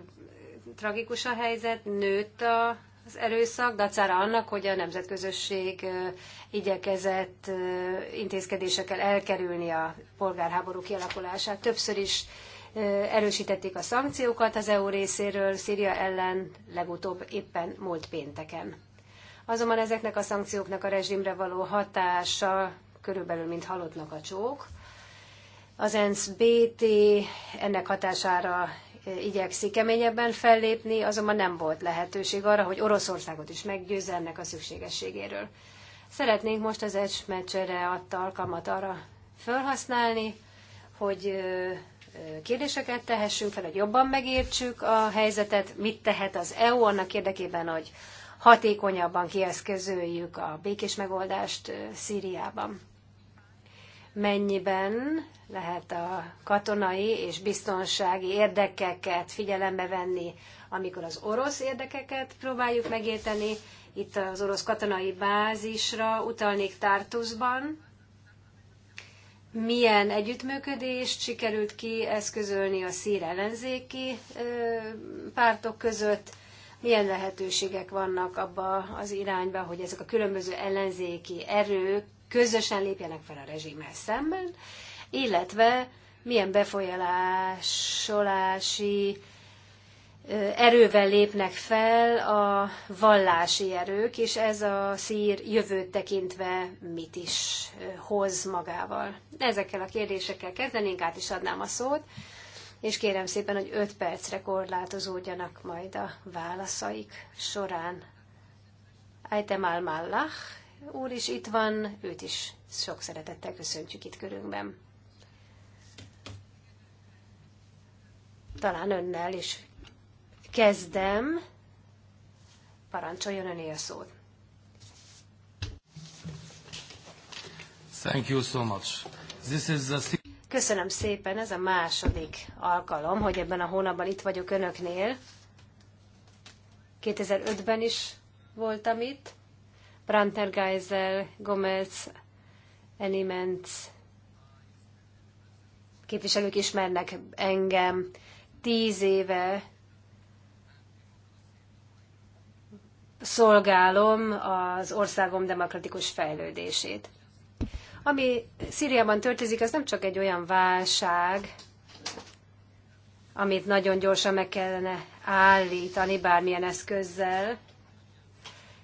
Tragikus a helyzet, nőtt a az erőszak, dacára annak, hogy a nemzetközösség igyekezett intézkedésekkel elkerülni a polgárháború kialakulását. Többször is erősítették a szankciókat az EU részéről Szíria ellen legutóbb éppen múlt pénteken. Azonban ezeknek a szankcióknak a rezsimre való hatása körülbelül, mint halottnak a csók. Az ENSZ BT ennek hatására igyekszik keményebben fellépni, azonban nem volt lehetőség arra, hogy Oroszországot is meggyőzze ennek a szükségességéről. Szeretnénk most az egy meccsere adta alkalmat arra felhasználni, hogy kérdéseket tehessünk fel, hogy jobban megértsük a helyzetet, mit tehet az EU annak érdekében, hogy hatékonyabban kieszközöljük a békés megoldást Szíriában. Mennyiben lehet a katonai és biztonsági érdekeket figyelembe venni, amikor az orosz érdekeket próbáljuk megérteni. Itt az orosz katonai bázisra utalnék Tartusban, milyen együttműködést sikerült kieszközölni a szír ellenzéki pártok között, milyen lehetőségek vannak abba az irányba, hogy ezek a különböző ellenzéki erők közösen lépjenek fel a rezsimmel szemben, illetve milyen befolyásolási erővel lépnek fel a vallási erők, és ez a szír jövőt tekintve mit is hoz magával. Ezekkel a kérdésekkel kezdenénk, át is adnám a szót, és kérem szépen, hogy 5 percre korlátozódjanak majd a válaszaik során. Aitem al úr is itt van, őt is sok szeretettel köszöntjük itt körünkben. Talán önnel is kezdem. Parancsoljon öné a szót. Thank you so much. This is the... Köszönöm szépen, ez a második alkalom, hogy ebben a hónapban itt vagyok önöknél. 2005-ben is voltam itt. Branter Geisel, Gomez, Enimens képviselők ismernek engem. Tíz éve szolgálom az országom demokratikus fejlődését. Ami Szíriában történik, az nem csak egy olyan válság, amit nagyon gyorsan meg kellene állítani bármilyen eszközzel,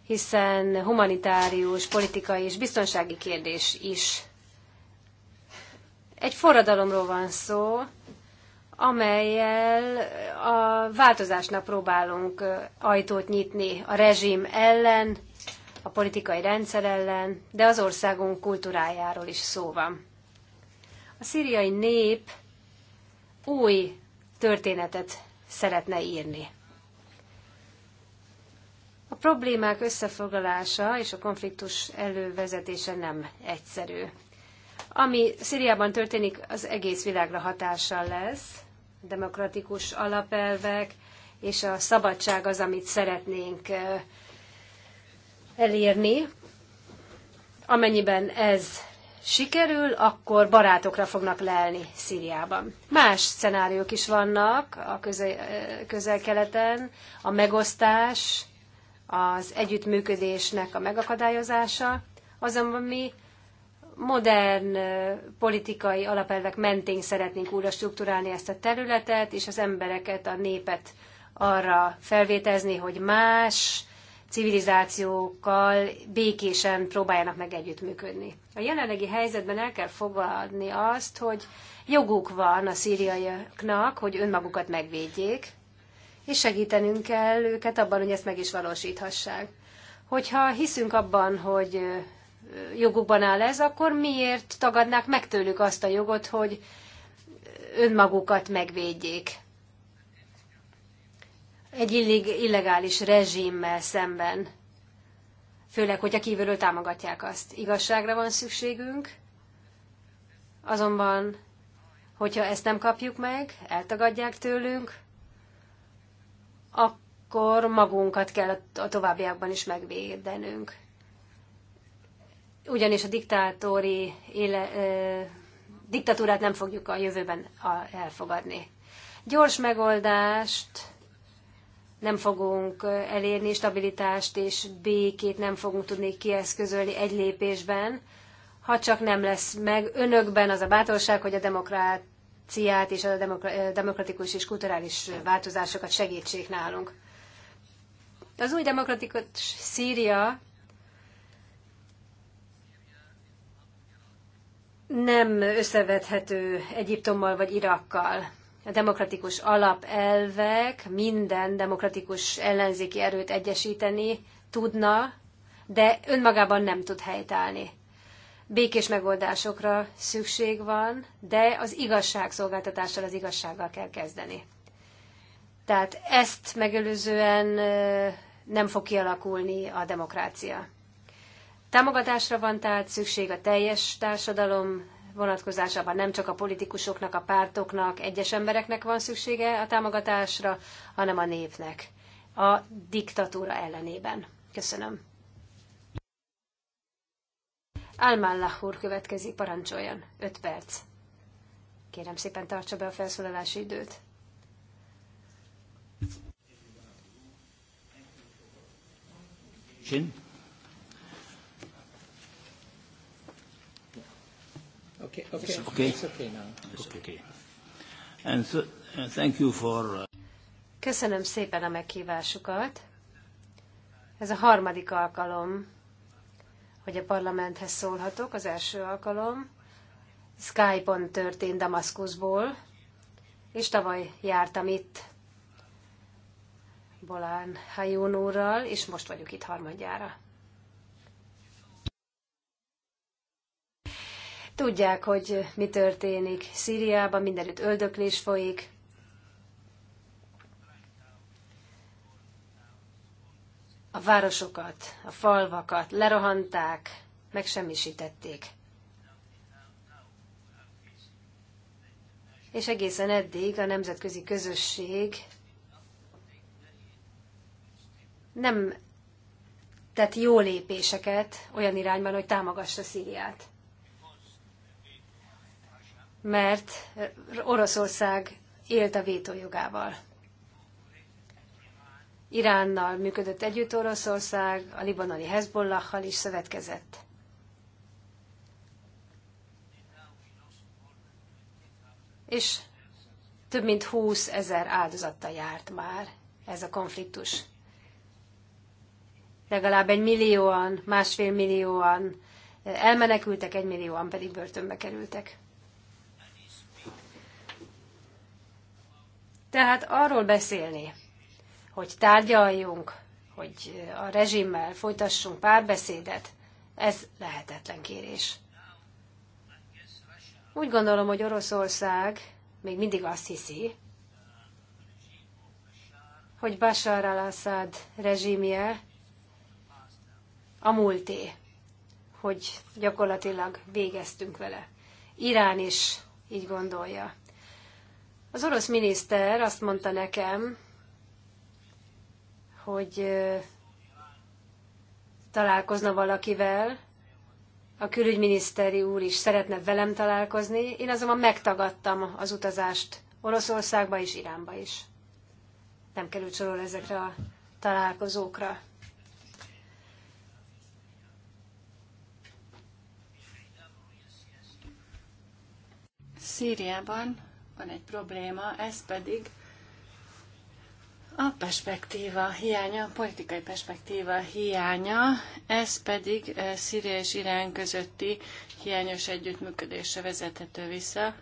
hiszen humanitárius, politikai és biztonsági kérdés is. Egy forradalomról van szó, amelyel a változásnak próbálunk ajtót nyitni a rezsim ellen, a politikai rendszer ellen, de az országunk kultúrájáról is szó van. A szíriai nép új történetet szeretne írni. A problémák összefoglalása és a konfliktus elővezetése nem egyszerű. Ami Szíriában történik, az egész világra hatással lesz, demokratikus alapelvek, és a szabadság az, amit szeretnénk elérni. Amennyiben ez sikerül, akkor barátokra fognak lelni Szíriában. Más szenáriók is vannak a közel-keleten, a megosztás, az együttműködésnek a megakadályozása, azonban mi modern politikai alapelvek mentén szeretnénk újra struktúrálni ezt a területet, és az embereket, a népet arra felvétezni, hogy más civilizációkkal békésen próbáljanak meg együttműködni. A jelenlegi helyzetben el kell fogadni azt, hogy joguk van a szíriaiaknak, hogy önmagukat megvédjék, és segítenünk kell őket abban, hogy ezt meg is valósíthassák. Hogyha hiszünk abban, hogy jogukban áll ez, akkor miért tagadnák meg tőlük azt a jogot, hogy önmagukat megvédjék egy illegális rezsimmel szemben? Főleg, hogyha kívülről támogatják azt. Igazságra van szükségünk, azonban, hogyha ezt nem kapjuk meg, eltagadják tőlünk, akkor magunkat kell a továbbiakban is megvédenünk ugyanis a diktátori éle, ö, diktatúrát nem fogjuk a jövőben elfogadni. Gyors megoldást nem fogunk elérni, stabilitást és békét nem fogunk tudni kieszközölni egy lépésben, ha csak nem lesz meg önökben az a bátorság, hogy a demokráciát és a demokratikus és kulturális változásokat segítsék nálunk. Az új demokratikus Szíria nem összevethető Egyiptommal vagy Irakkal. A demokratikus alapelvek minden demokratikus ellenzéki erőt egyesíteni tudna, de önmagában nem tud helytállni. Békés megoldásokra szükség van, de az igazságszolgáltatással, az igazsággal kell kezdeni. Tehát ezt megelőzően nem fog kialakulni a demokrácia. Támogatásra van tehát szükség a teljes társadalom vonatkozásában nem csak a politikusoknak, a pártoknak, egyes embereknek van szüksége a támogatásra, hanem a népnek a diktatúra ellenében. Köszönöm. Almállah úr következik, parancsoljon. 5 perc. Kérem szépen tartsa be a felszólalási időt. Csin. Okay, It's okay. It's okay now. It's okay. okay. And uh, thank you for... Uh, Köszönöm szépen a meghívásukat. Ez a harmadik alkalom, hogy a parlamenthez szólhatok. Az első alkalom Skype-on történt Damaszkuszból, és tavaly jártam itt Bolán Hajón úrral, és most vagyok itt harmadjára. Tudják, hogy mi történik Szíriában, mindenütt öldöklés folyik. A városokat, a falvakat lerohanták, megsemmisítették. És egészen eddig a nemzetközi közösség nem tett jó lépéseket olyan irányban, hogy támogassa Szíriát mert Oroszország élt a vétójogával. Iránnal működött együtt Oroszország, a libanoni Hezbollahhal is szövetkezett. És több mint 20 ezer áldozattal járt már ez a konfliktus. Legalább egy millióan, másfél millióan elmenekültek, egy millióan pedig börtönbe kerültek. Tehát arról beszélni, hogy tárgyaljunk, hogy a rezsimmel folytassunk párbeszédet, ez lehetetlen kérés. Úgy gondolom, hogy Oroszország még mindig azt hiszi, hogy Bashar al-Assad rezsimje a múlté, hogy gyakorlatilag végeztünk vele. Irán is így gondolja. Az orosz miniszter azt mondta nekem, hogy találkozna valakivel, a külügyminiszteri úr is szeretne velem találkozni, én azonban megtagadtam az utazást Oroszországba és Iránba is. Nem került sorol ezekre a találkozókra. Szíriában van egy probléma, ez pedig a perspektíva hiánya, a politikai perspektíva hiánya, ez pedig eh, Szíria és Irán közötti hiányos együttműködésre vezethető vissza.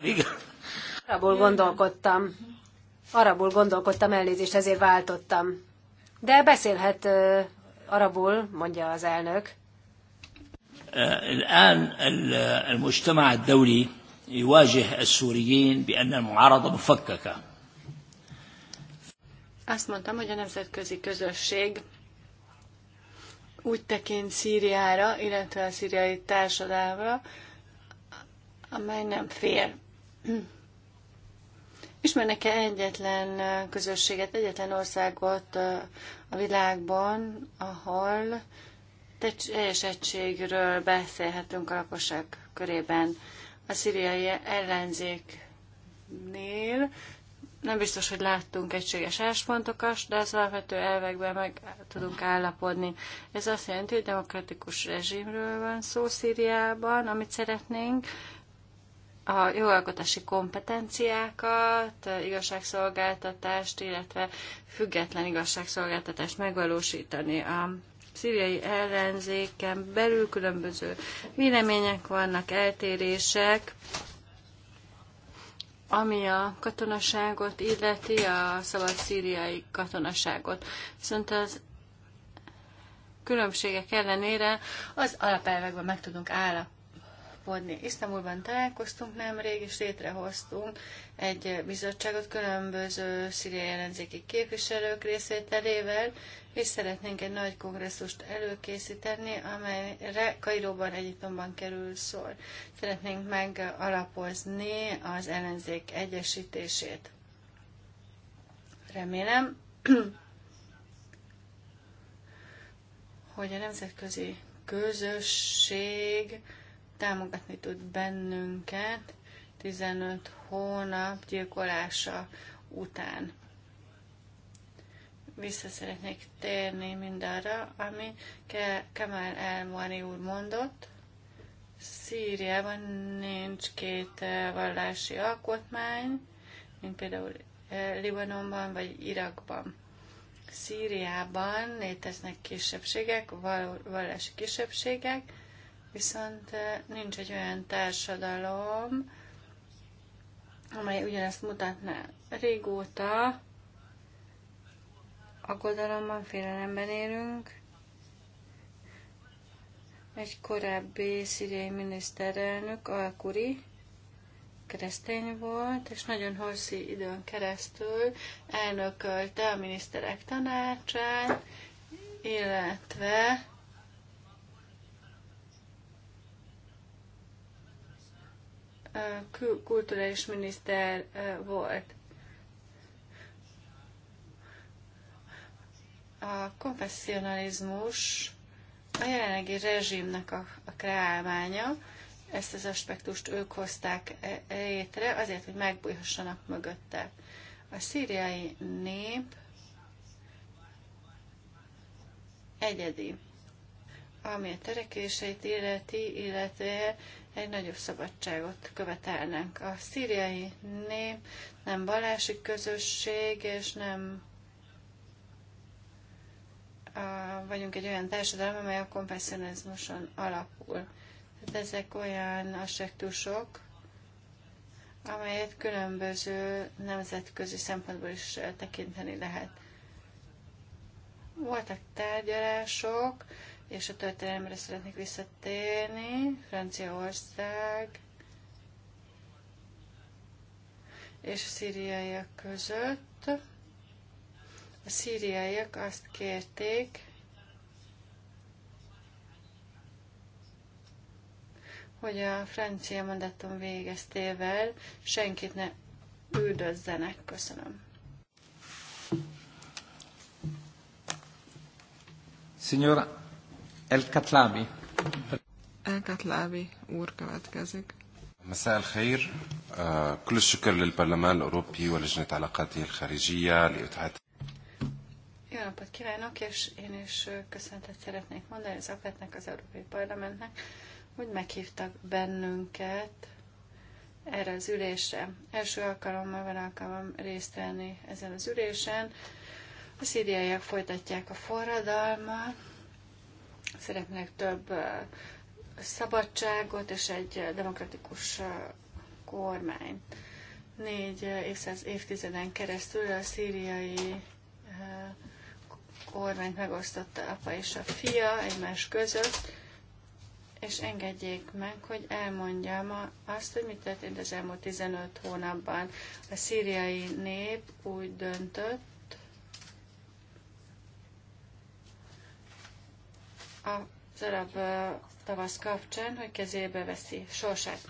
Igen. Arabul gondolkodtam. Arabul gondolkodtam, elnézést, ezért váltottam. De beszélhet uh, arabul, mondja az elnök. Uh, الآن المجتمع الدولي يواجه السوريين بأن المعارضة مفككة. Azt mondtam, hogy a nemzetközi közösség úgy tekint Szíriára, illetve a szíriai társadalomra, amely nem fér. Ismernek-e egyetlen közösséget, egyetlen országot a világban, ahol teljes egységről beszélhetünk a lakosság körében? A szíriai ellenzéknél nem biztos, hogy láttunk egységes álláspontokat, de az alapvető elvekben meg tudunk állapodni. Ez azt jelenti, hogy demokratikus rezsimről van szó Szíriában, amit szeretnénk, a jogalkotási kompetenciákat, igazságszolgáltatást, illetve független igazságszolgáltatást megvalósítani. A szíriai ellenzéken belül különböző vélemények vannak, eltérések, ami a katonaságot illeti, a szabad szíriai katonaságot. Viszont az különbségek ellenére az alapelvekben meg tudunk állapítani gondolkodni. Isztambulban találkoztunk nemrég, és létrehoztunk egy bizottságot különböző szíriai ellenzéki képviselők részvételével, és szeretnénk egy nagy kongresszust előkészíteni, amelyre Kairóban, Egyiptomban kerül szor. Szeretnénk megalapozni az ellenzék egyesítését. Remélem, hogy a nemzetközi közösség támogatni tud bennünket 15 hónap gyilkolása után. Vissza szeretnék térni mindarra, ami Kemal Elmari úr mondott. Szíriában nincs két eh, vallási alkotmány, mint például eh, Libanonban vagy Irakban. Szíriában léteznek kisebbségek, vallási kisebbségek, viszont eh, nincs egy olyan társadalom, amely ugyanezt mutatná. Régóta aggodalomban, félelemben élünk. Egy korábbi szíriai miniszterelnök, Alkuri, keresztény volt, és nagyon hosszú időn keresztül elnökölte a miniszterek tanácsát, illetve kulturális miniszter volt. A konfessionalizmus a jelenlegi rezsimnek a, a kreálmánya, ezt az aspektust ők hozták létre, azért, hogy megbújhassanak mögötte. A szíriai nép egyedi, ami a törekéseit illeti, illetve egy nagyobb szabadságot követelnek. A szíriai nép nem vallási közösség, és nem a, vagyunk egy olyan társadalom, amely a kompasszionizmuson alapul. Tehát ezek olyan aspektusok, amelyet különböző nemzetközi szempontból is tekinteni lehet. Voltak tárgyalások, és a történelemre szeretnék visszatérni. Franciaország és a szíriaiak között. A szíriaiak azt kérték, hogy a francia mandátum végeztével senkit ne üldözzenek. Köszönöm. Signora el Katlábi. El Katlábi úr következik. مساء الخير كل الشكر للبرلمان الأوروبي ولجنة علاقاته الخارجية لإتاحة jó napot kívánok, és én is köszöntet szeretnék mondani az afet az Európai Parlamentnek, hogy meghívtak bennünket erre az ülésre. Első alkalommal van alkalmam részt venni ezen az ülésen. A szíriaiak folytatják a forradalmat, szeretnének több szabadságot és egy demokratikus kormány. Négy évszáz évtizeden keresztül a szíriai kormányt megosztotta apa és a fia egymás között, és engedjék meg, hogy elmondjam azt, hogy mi történt az elmúlt 15 hónapban. A szíriai nép úgy döntött, az arab tavasz kapcsán, hogy kezébe veszi sorsát.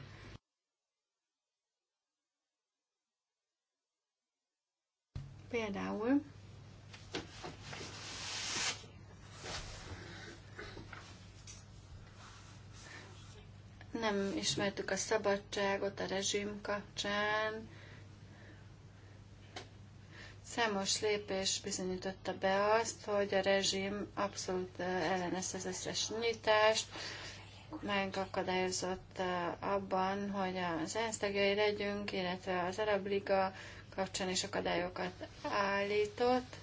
Például nem ismertük a szabadságot a rezsim kapcsán, Számos lépés bizonyította be azt, hogy a rezsim abszolút eh, ellenezte az összes nyitást, megakadályozott eh, abban, hogy az ENSZ tagjai legyünk, illetve az Arab Liga kapcsán is akadályokat állított,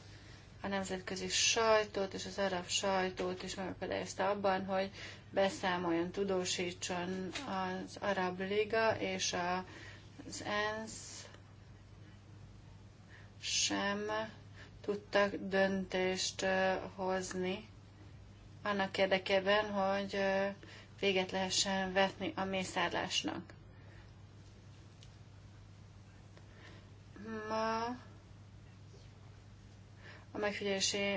a nemzetközi sajtót és az arab sajtót is megakadályozta abban, hogy beszámoljon, tudósítson az Arab Liga és az ENSZ sem tudtak döntést hozni annak érdekében, hogy véget lehessen vetni a mészárlásnak. Ma a megfigyelési,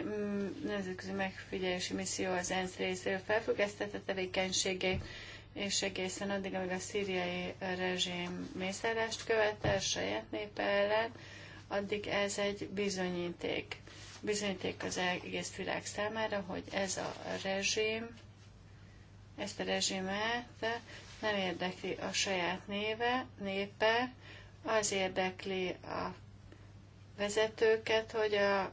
nemzetközi megfigyelési misszió az ENSZ részéről felfüggesztette tevékenységét, és egészen addig, amíg a szíriai rezsim követte a saját népe ellen, addig ez egy bizonyíték. Bizonyíték az egész világ számára, hogy ez a rezsim, ezt a rezsimet nem érdekli a saját néve, népe, az érdekli a vezetőket, hogy a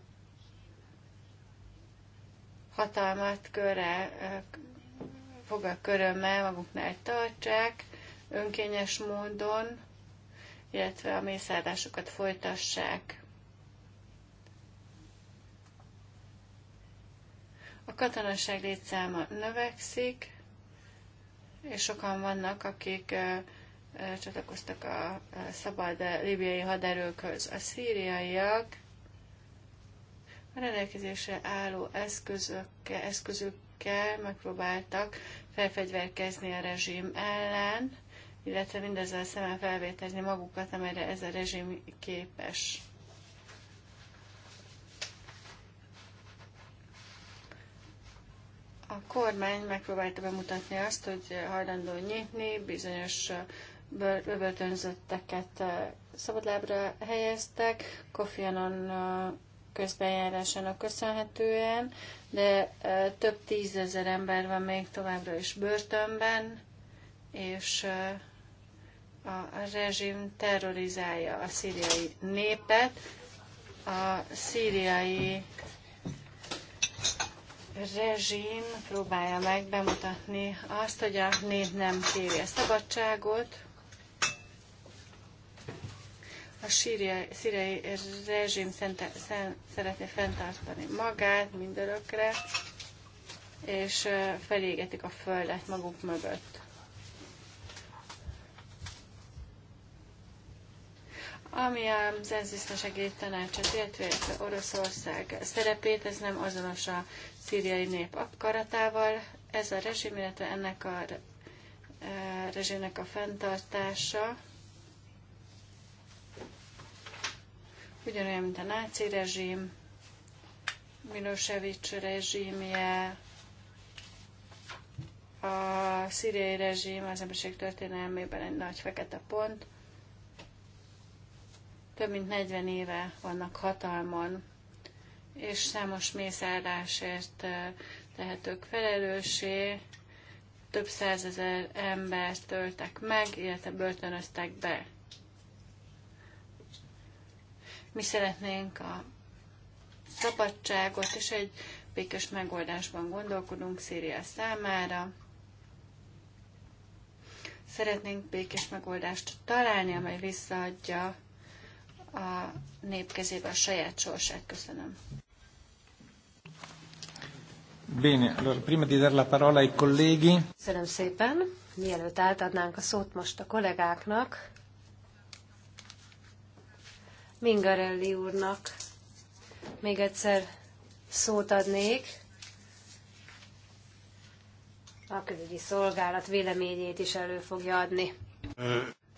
hatalmat körre, körömmel maguknál tartsák, önkényes módon, illetve a mészárlásokat folytassák. A katonaság létszáma növekszik, és sokan vannak, akik csatlakoztak a szabad libiai haderőkhöz. A szíriaiak a rendelkezésre álló eszközökkel, eszközökkel megpróbáltak felfegyverkezni a rezsim ellen, illetve mindezzel szemben felvételni magukat, amelyre ez a rezsim képes. A kormány megpróbálta bemutatni azt, hogy hajlandó nyitni, bizonyos bebörtönzötteket szabadlábra helyeztek, Kofi Annan közbenjárásának köszönhetően, de több tízezer ember van még továbbra is börtönben, és a rezsim terrorizálja a szíriai népet, a szíriai rezsim próbálja meg bemutatni azt, hogy a nép nem kéri a szabadságot. A síriai, szíriai rezsim szente, szen, szeretné fenntartani magát mindörökre, és felégetik a földet maguk mögött. Ami az ENSZ biztonsági tanácsot, illetve Oroszország szerepét, ez nem azonos a szíriai nép akaratával. Ez a rezsim, illetve ennek a e, rezsimnek a fenntartása ugyanolyan, mint a náci rezsim, Milosevic rezsimje, a szíriai rezsim az emberiség történelmében egy nagy fekete pont, több mint 40 éve vannak hatalmon, és számos mészárlásért tehetők felelőssé, több százezer embert töltek meg, illetve börtönöztek be. Mi szeretnénk a szabadságot, és egy békés megoldásban gondolkodunk Szíria számára. Szeretnénk békés megoldást találni, amely visszaadja a nép kezébe a saját sorsát. Köszönöm. Bene, allora prima di dare la parola ai colleghi. Köszönöm szépen. Mielőtt átadnánk a szót most a kollégáknak, Mingarelli úrnak még egyszer szót adnék. A külügyi szolgálat véleményét is elő fogja adni.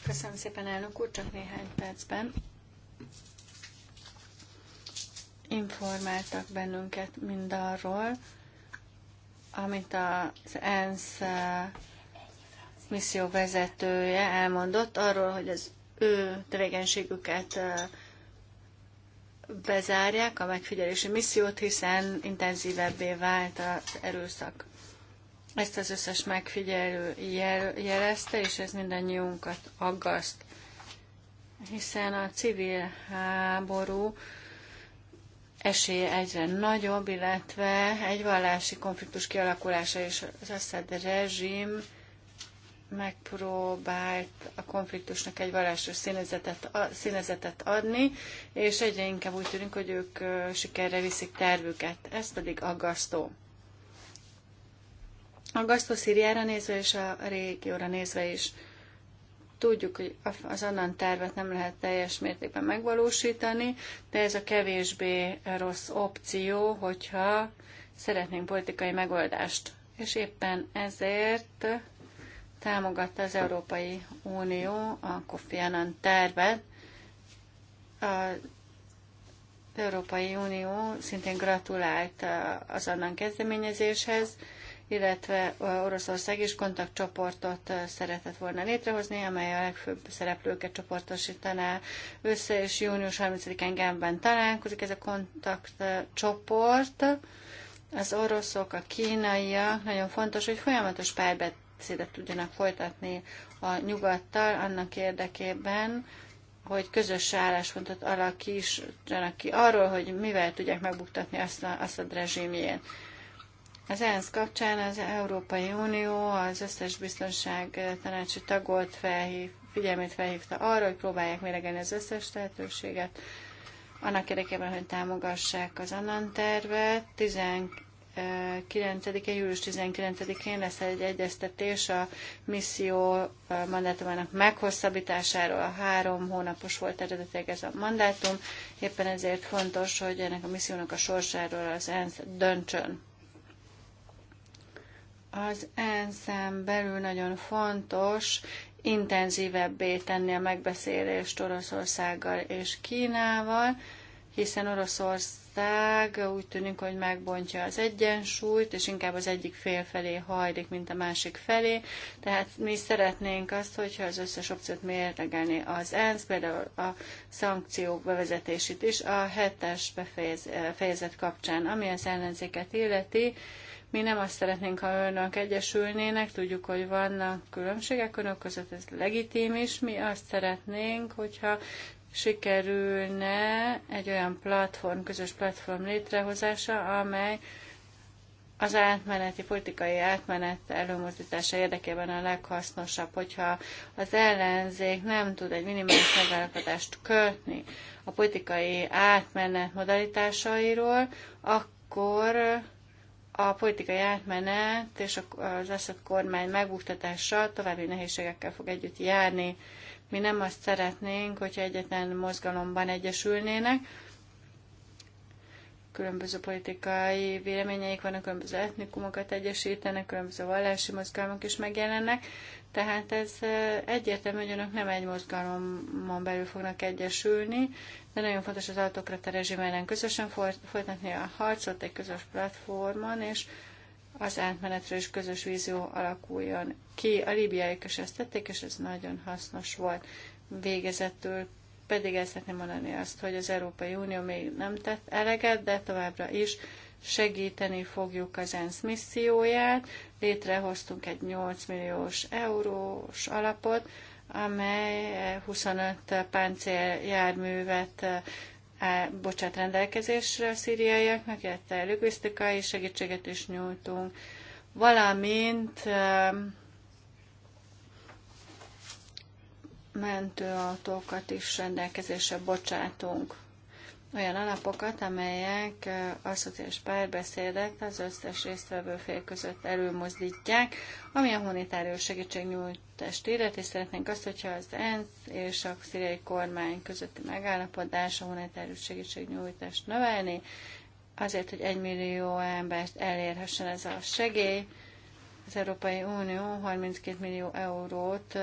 Köszönöm szépen, elnök úr, csak néhány percben informáltak bennünket mindarról, amit az ENSZ eh, misszió vezetője elmondott arról, hogy az ő tevékenységüket eh, bezárják a megfigyelési missziót, hiszen intenzívebbé vált az erőszak. Ezt az összes megfigyelő jel- jelezte, és ez mindannyiunkat aggaszt, hiszen a civil háború esélye egyre nagyobb, illetve egy vallási konfliktus kialakulása és az Assad rezsim megpróbált a konfliktusnak egy vallásos színezetet, színezetet adni, és egyre inkább úgy tűnik, hogy ők sikerre viszik tervüket. Ez pedig aggasztó. Aggasztó Szíriára nézve és a régióra nézve is. Tudjuk, hogy az annan tervet nem lehet teljes mértékben megvalósítani, de ez a kevésbé rossz opció, hogyha szeretnénk politikai megoldást. És éppen ezért támogatta az Európai Unió a Kofi Annan tervet. Az Európai Unió szintén gratulált eh, az annan kezdeményezéshez, illetve Oroszország is kontaktcsoportot szeretett volna létrehozni, amely a legfőbb szereplőket csoportosítaná össze, és június 30-án Genben találkozik ez a kontaktcsoport. Az oroszok, a kínaiak, nagyon fontos, hogy folyamatos párbeszédet tudjanak folytatni a nyugattal annak érdekében, hogy közös álláspontot alakítsanak ki arról, hogy mivel tudják megbuktatni azt a, azt a rezsimjét. Az ENSZ kapcsán az Európai Unió az összes biztonság tanácsi tagot felhív, figyelmét felhívta arra, hogy próbálják méregelni az összes lehetőséget, annak érdekében, hogy támogassák az annan tervet. 19 július 19-én lesz egy egyeztetés a misszió mandátumának meghosszabbításáról. A három hónapos volt eredetileg ez a mandátum, éppen ezért fontos, hogy ennek a missziónak a sorsáról az ENSZ döntsön az enszem belül nagyon fontos intenzívebbé tenni a megbeszélést Oroszországgal és Kínával, hiszen Oroszország úgy tűnik, hogy megbontja az egyensúlyt, és inkább az egyik fél felé hajlik, mint a másik felé. Tehát mi szeretnénk azt, hogyha az összes opciót mérlegelni az ENSZ, például a szankciók bevezetését is, a hetes befejezet eh, kapcsán, ami az ellenzéket illeti, mi nem azt szeretnénk, ha önök egyesülnének, tudjuk, hogy vannak különbségek önök között, ez legitim is. Mi azt szeretnénk, hogyha sikerülne egy olyan platform, közös platform létrehozása, amely az átmeneti, politikai átmenet előmozdítása érdekében a leghasznosabb, hogyha az ellenzék nem tud egy minimális megállapodást kötni a politikai átmenet modalitásairól, akkor a politikai átmenet és az Assad kormány megbuktatása további nehézségekkel fog együtt járni. Mi nem azt szeretnénk, hogyha egyetlen mozgalomban egyesülnének, különböző politikai véleményeik vannak, különböző etnikumokat egyesítenek, különböző vallási mozgalmak is megjelennek, tehát ez egyértelmű, hogy önök nem egy mozgalomon belül fognak egyesülni, de nagyon fontos az autokrata rezsim ellen közösen folytatni a harcot egy közös platformon, és az átmenetről is közös vízió alakuljon ki. A líbiaiak is ezt tették, és ez nagyon hasznos volt. Végezetül pedig el szeretném mondani azt, hogy az Európai Unió még nem tett eleget, de továbbra is segíteni fogjuk az ENSZ misszióját. Létrehoztunk egy 8 milliós eurós alapot, amely 25 páncéljárművet eh, bocsát rendelkezésre a szíriaiaknak, illetve logisztikai segítséget is nyújtunk, valamint eh, mentőautókat is rendelkezésre bocsátunk. Olyan alapokat, amelyek a szociális párbeszédet az összes résztvevő fél között előmozdítják, ami a humanitárius nyújtást illeti. Szeretnénk azt, hogyha az ENSZ és a szíriai kormány közötti megállapodás a humanitárius nyújtást növelni, azért, hogy egy millió embert elérhessen ez a segély. Az Európai Unió 32 millió eurót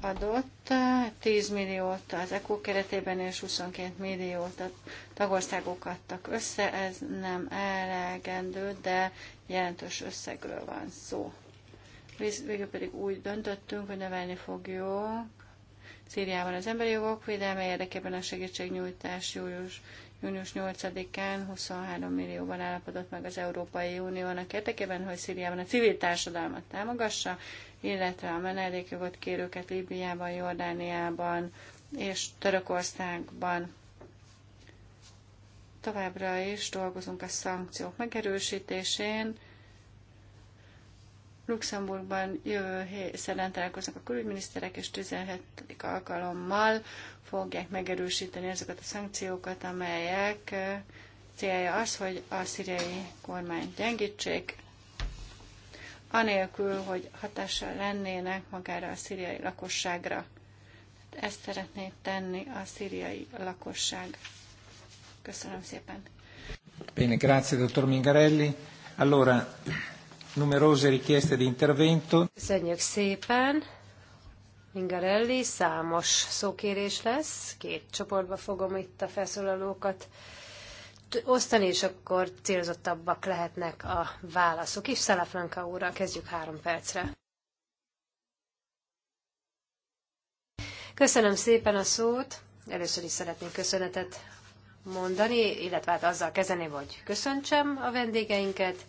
adott, 10 milliót az ECO keretében és 22 milliót a tagországok adtak össze, ez nem elegendő, de jelentős összegről van szó. Végül pedig úgy döntöttünk, hogy növelni fogjuk Szíriában az emberi jogok védelme érdekében a segítségnyújtás július június 8-án 23 millióban állapodott meg az Európai Uniónak érdekében, hogy Szíriában a civil társadalmat támogassa, illetve a menedékjogot kérőket Líbiában, Jordániában és Törökországban. Továbbra is dolgozunk a szankciók megerősítésén. Luxemburgban jövő héten találkoznak a külügyminiszterek, és 17. alkalommal fogják megerősíteni azokat a szankciókat, amelyek eh, célja az, hogy a szíriai kormányt gyengítsék, anélkül, hogy hatással lennének magára a szíriai lakosságra. Hát ezt szeretné tenni a szíriai lakosság. Köszönöm szépen. Bene, grazie, dottor Mingarelli. Allora, numerose richieste di intervento. Köszönjük szépen. Mingarelli számos szókérés lesz. Két csoportba fogom itt a felszólalókat osztani, és akkor célzottabbak lehetnek a válaszok. is. Szelefranka úrral kezdjük három percre. Köszönöm szépen a szót. Először is szeretnék köszönetet mondani, illetve hát azzal kezdeni, hogy köszöntsem a vendégeinket.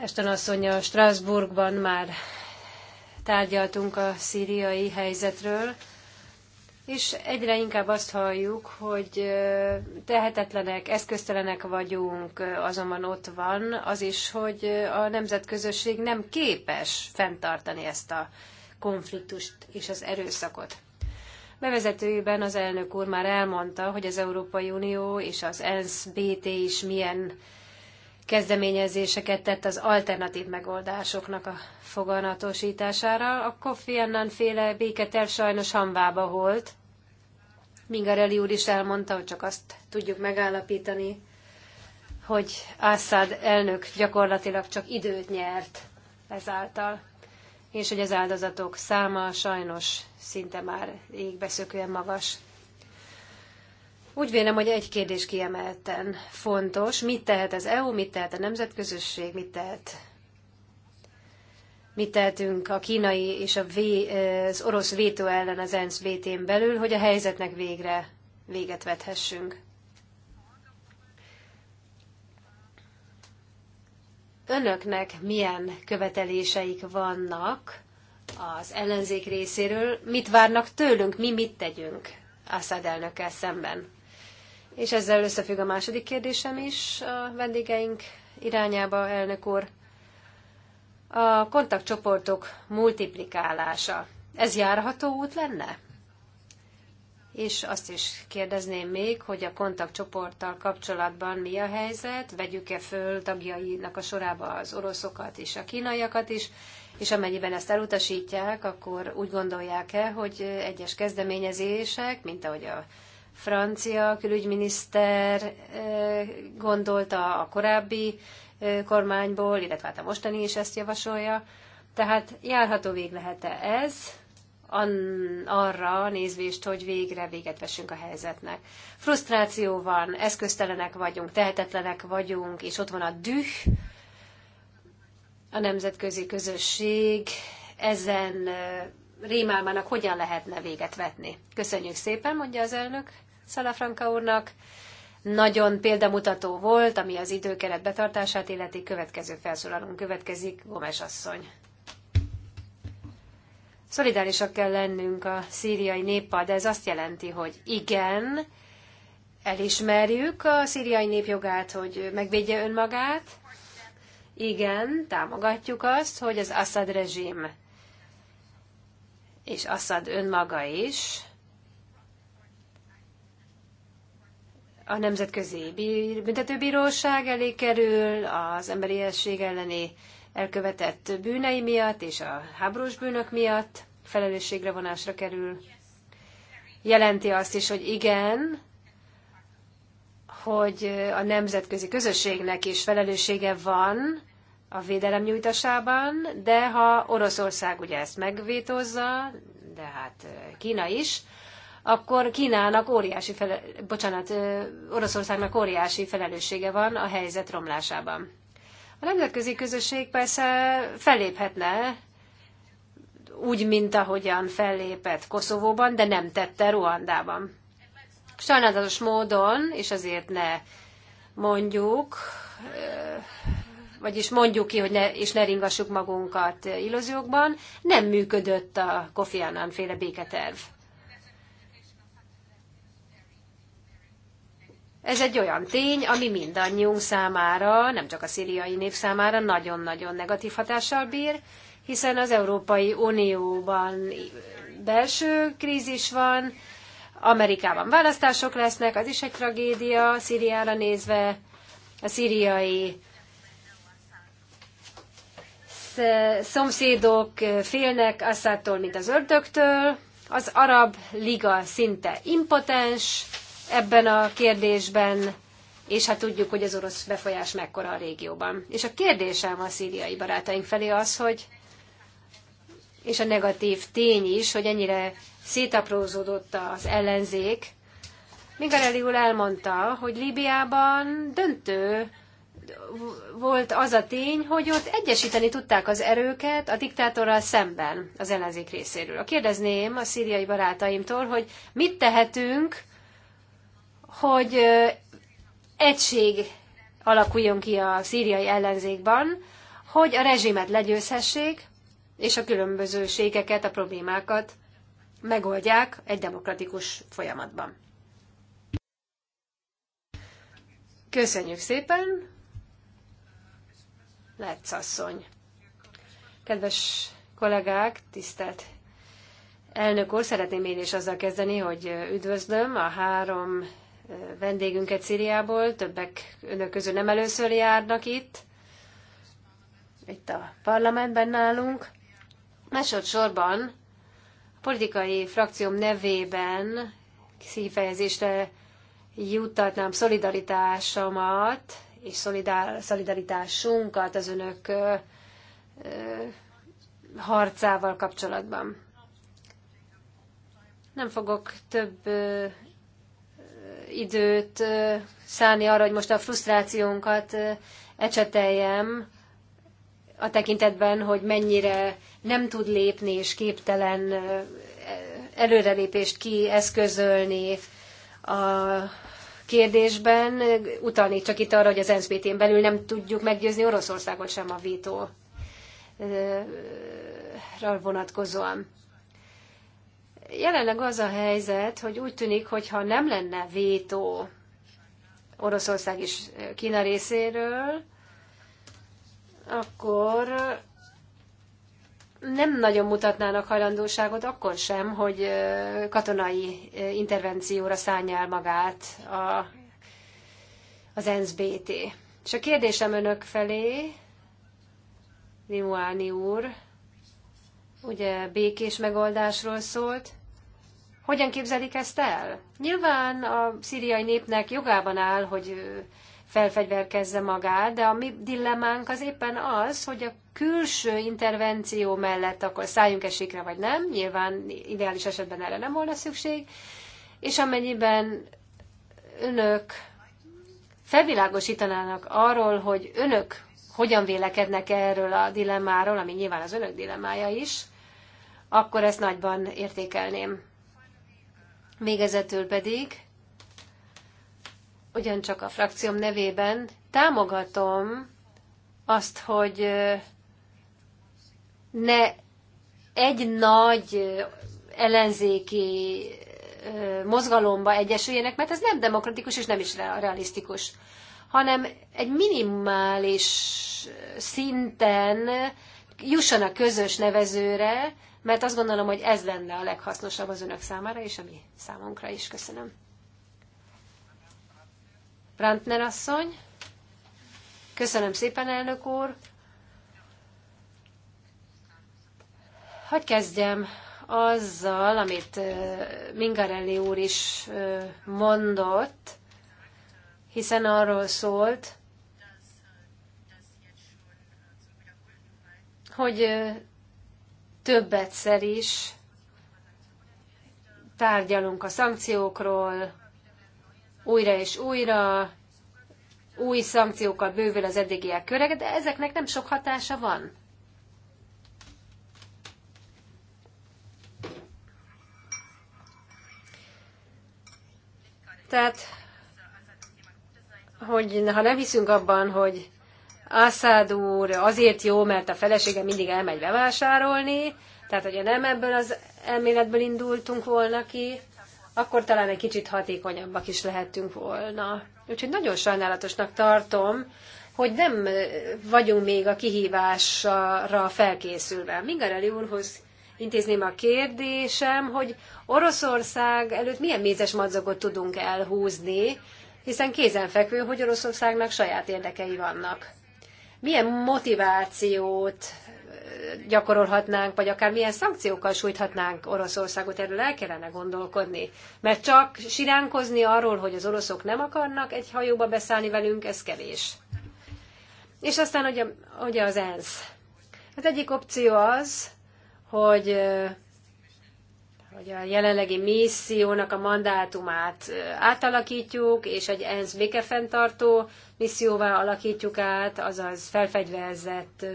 Esten asszonya Strasbourgban már tárgyaltunk a szíriai helyzetről, és egyre inkább azt halljuk, hogy tehetetlenek, eszköztelenek vagyunk, azonban ott van az is, hogy a nemzetközösség nem képes fenntartani ezt a konfliktust és az erőszakot. Bevezetőjében az elnök úr már elmondta, hogy az Európai Unió és az ENSZ BT is milyen kezdeményezéseket tett az alternatív megoldásoknak a foganatosítására. A Kofi Annan féle béketel sajnos hamvába volt. Mingarelli úr is elmondta, hogy csak azt tudjuk megállapítani, hogy Assad elnök gyakorlatilag csak időt nyert ezáltal, és hogy az áldozatok száma sajnos szinte már égbeszökően magas. Úgy vélem, hogy egy kérdés kiemelten fontos. Mit tehet az EU, mit tehet a nemzetközösség, mit tehet mit tehetünk a kínai és a v, az orosz vétó ellen az ENSZ BT-n belül, hogy a helyzetnek végre véget vethessünk. Önöknek milyen követeléseik vannak az ellenzék részéről? Mit várnak tőlünk? Mi mit tegyünk Assad elnökkel szemben? És ezzel összefügg a második kérdésem is a vendégeink irányába, elnök úr. A kontaktcsoportok multiplikálása. Ez járható út lenne? És azt is kérdezném még, hogy a kontaktcsoporttal kapcsolatban mi a helyzet, vegyük-e föl tagjainak a sorába az oroszokat és a kínaiakat is, és amennyiben ezt elutasítják, akkor úgy gondolják-e, hogy egyes kezdeményezések, mint ahogy a francia külügyminiszter eh, gondolta a korábbi eh, kormányból, illetve hát a mostani is ezt javasolja. Tehát járható vég lehet-e ez, arra nézvést, hogy végre véget vessünk a helyzetnek. Frusztráció van, eszköztelenek vagyunk, tehetetlenek vagyunk, és ott van a düh, a nemzetközi közösség ezen eh, rémálmának hogyan lehetne véget vetni. Köszönjük szépen, mondja az elnök Szalafranka úrnak. Nagyon példamutató volt, ami az időkeret betartását illeti. Következő felszólalunk következik Gomes asszony. Szolidárisak kell lennünk a szíriai néppal, de ez azt jelenti, hogy igen, elismerjük a szíriai népjogát, hogy megvédje önmagát, igen, támogatjuk azt, hogy az Assad rezsim és Assad önmaga is a Nemzetközi Büntetőbíróság elé kerül az emberiesség elleni elkövetett bűnei miatt és a háborús bűnök miatt felelősségre vonásra kerül. Jelenti azt is, hogy igen, hogy a nemzetközi közösségnek is felelőssége van a védelem nyújtásában, de ha Oroszország ugye ezt megvétózza, de hát Kína is, akkor Kínának óriási fele, bocsánat, Oroszországnak óriási felelőssége van a helyzet romlásában. A nemzetközi közösség persze felléphetne, úgy, mint ahogyan fellépett Koszovóban, de nem tette Ruandában. Sajnálatos módon, és azért ne mondjuk, vagyis mondjuk ki, hogy ne, és ne ringassuk magunkat illúziókban, nem működött a Kofi Annan féle béketerv. Ez egy olyan tény, ami mindannyiunk számára, nem csak a szíriai nép számára nagyon-nagyon negatív hatással bír, hiszen az Európai Unióban belső krízis van, Amerikában választások lesznek, az is egy tragédia Szíriára nézve, a szíriai Eh, szomszédok eh, félnek Assadtól, mint az ördögtől, az Arab Liga szinte impotens ebben a kérdésben, és hát tudjuk, hogy az orosz befolyás mekkora a régióban. És a kérdésem a szíriai barátaink felé az, hogy és a negatív tény is, hogy ennyire szétaprózódott az ellenzék. Migarelli úr elmondta, hogy Líbiában döntő volt az a tény, hogy ott egyesíteni tudták az erőket a diktátorral szemben az ellenzék részéről. A Kérdezném a szíriai barátaimtól, hogy mit tehetünk, hogy egység alakuljon ki a szíriai ellenzékban, hogy a rezsimet legyőzhessék, és a különbözőségeket, a problémákat megoldják egy demokratikus folyamatban. Köszönjük szépen! Lerc Kedves kollégák, tisztelt elnök úr, szeretném én is azzal kezdeni, hogy üdvözlöm a három vendégünket Szíriából, többek önök közül nem először járnak itt, itt a parlamentben nálunk. Másodszorban a politikai frakcióm nevében kifejezésre juttatnám szolidaritásomat és szolidár, szolidaritásunkat az önök ö, ö, harcával kapcsolatban. Nem fogok több ö, időt ö, szállni arra, hogy most a frusztrációnkat ö, ecseteljem a tekintetben, hogy mennyire nem tud lépni és képtelen előrelépést kieszközölni a kérdésben, utalnék csak itt arra, hogy az NSZBT-n belül nem tudjuk meggyőzni Oroszországot sem a vétóra vonatkozóan. Jelenleg az a helyzet, hogy úgy tűnik, hogy ha nem lenne vétó Oroszország és Kína részéről, akkor nem nagyon mutatnának hajlandóságot akkor sem, hogy katonai intervencióra el magát a, az NSBT. És a kérdésem önök felé, Limuáni úr, ugye békés megoldásról szólt, hogyan képzelik ezt el? Nyilván a szíriai népnek jogában áll, hogy felfegyverkezze magát, de a mi dilemmánk az éppen az, hogy a külső intervenció mellett akkor szálljunk-e sikre, vagy nem, nyilván ideális esetben erre nem volna szükség, és amennyiben önök felvilágosítanának arról, hogy önök hogyan vélekednek erről a dilemmáról, ami nyilván az önök dilemmája is, akkor ezt nagyban értékelném. Végezetül pedig ugyancsak a frakcióm nevében támogatom azt, hogy ne egy nagy ellenzéki mozgalomba egyesüljenek, mert ez nem demokratikus és nem is realisztikus, hanem egy minimális szinten jusson a közös nevezőre, mert azt gondolom, hogy ez lenne a leghasznosabb az önök számára, és a mi számunkra is. Köszönöm. Brantner asszony. Köszönöm szépen, elnök úr. Hogy kezdjem azzal, amit Mingarelli úr is mondott, hiszen arról szólt, hogy többetszer is tárgyalunk a szankciókról, újra és újra új szankciókkal bővül az eddigiek körege, de ezeknek nem sok hatása van. Tehát, hogy ha nem hiszünk abban, hogy Assad úr azért jó, mert a felesége mindig elmegy bevásárolni, tehát hogyha nem ebből az elméletből indultunk volna ki, akkor talán egy kicsit hatékonyabbak is lehetünk volna. Úgyhogy nagyon sajnálatosnak tartom, hogy nem vagyunk még a kihívásra felkészülve. Mingarelli úrhoz intézném a kérdésem, hogy Oroszország előtt milyen mézes madzagot tudunk elhúzni, hiszen kézenfekvő, hogy Oroszországnak saját érdekei vannak. Milyen motivációt gyakorolhatnánk, vagy akár milyen szankciókkal sújthatnánk Oroszországot, erről el kellene gondolkodni. Mert csak siránkozni arról, hogy az oroszok nem akarnak egy hajóba beszállni velünk, ez kevés. És aztán ugye, ugye az ENSZ. Az hát egyik opció az, hogy, hogy a jelenlegi missziónak a mandátumát átalakítjuk, és egy ENSZ békefenntartó misszióvá alakítjuk át, azaz felfegyverzett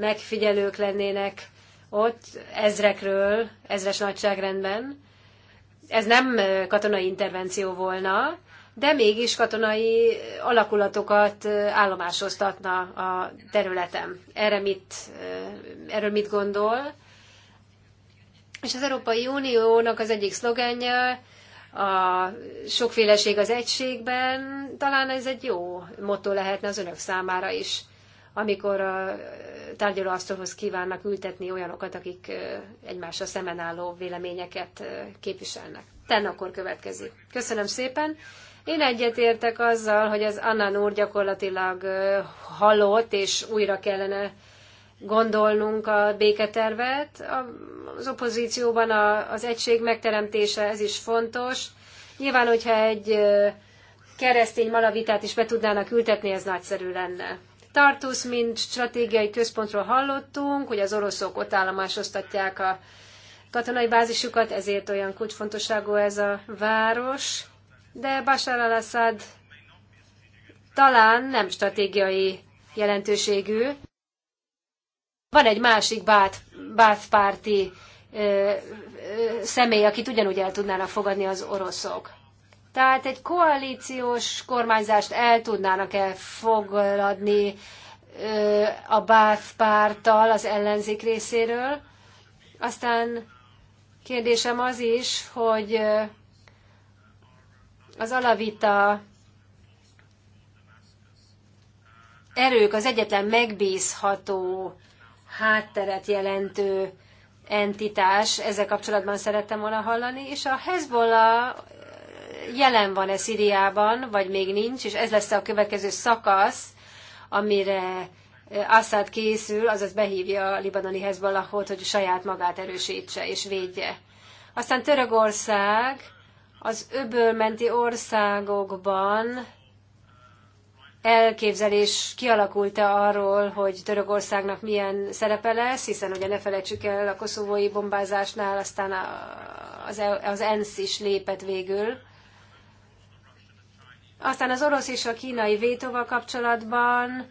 megfigyelők lennének ott ezrekről, ezres nagyságrendben. Ez nem katonai intervenció volna, de mégis katonai alakulatokat állomásoztatna a területem. Erre mit, erről mit gondol? És az Európai Uniónak az egyik szlogenje, a sokféleség az egységben, talán ez egy jó motto lehetne az önök számára is, amikor a tárgyalóasztalhoz kívánnak ültetni olyanokat, akik egymásra szemen álló véleményeket képviselnek. Ten akkor következik. Köszönöm szépen. Én egyetértek azzal, hogy az Annan úr gyakorlatilag halott, és újra kellene gondolnunk a béketervet. Az opozícióban az egység megteremtése, ez is fontos. Nyilván, hogyha egy keresztény malavitát is be tudnának ültetni, ez nagyszerű lenne. Tartusz, mint stratégiai központról hallottunk, hogy az oroszok ott állomásoztatják a katonai bázisukat, ezért olyan kulcsfontosságú ez a város. De Bashar al-Assad talán nem stratégiai jelentőségű. Van egy másik bát, bátpárti ö, ö, személy, akit ugyanúgy el tudnának fogadni az oroszok. Tehát egy koalíciós kormányzást el tudnának elfogadni a BÁF párttal az ellenzék részéről. Aztán kérdésem az is, hogy az alavita erők az egyetlen megbízható hátteret jelentő entitás, ezzel kapcsolatban szerettem volna hallani, és a Hezbollah jelen van-e Szíriában, vagy még nincs, és ez lesz a következő szakasz, amire eh, Assad készül, azaz behívja a libanoni Hezbollahot, hogy saját magát erősítse és védje. Aztán Törökország az öbölmenti országokban elképzelés kialakult -e arról, hogy Törökországnak milyen szerepe lesz, hiszen ugye ne felejtsük el a koszovói bombázásnál, aztán az, e- az ENSZ is lépett végül. Aztán az orosz és a kínai vétóval kapcsolatban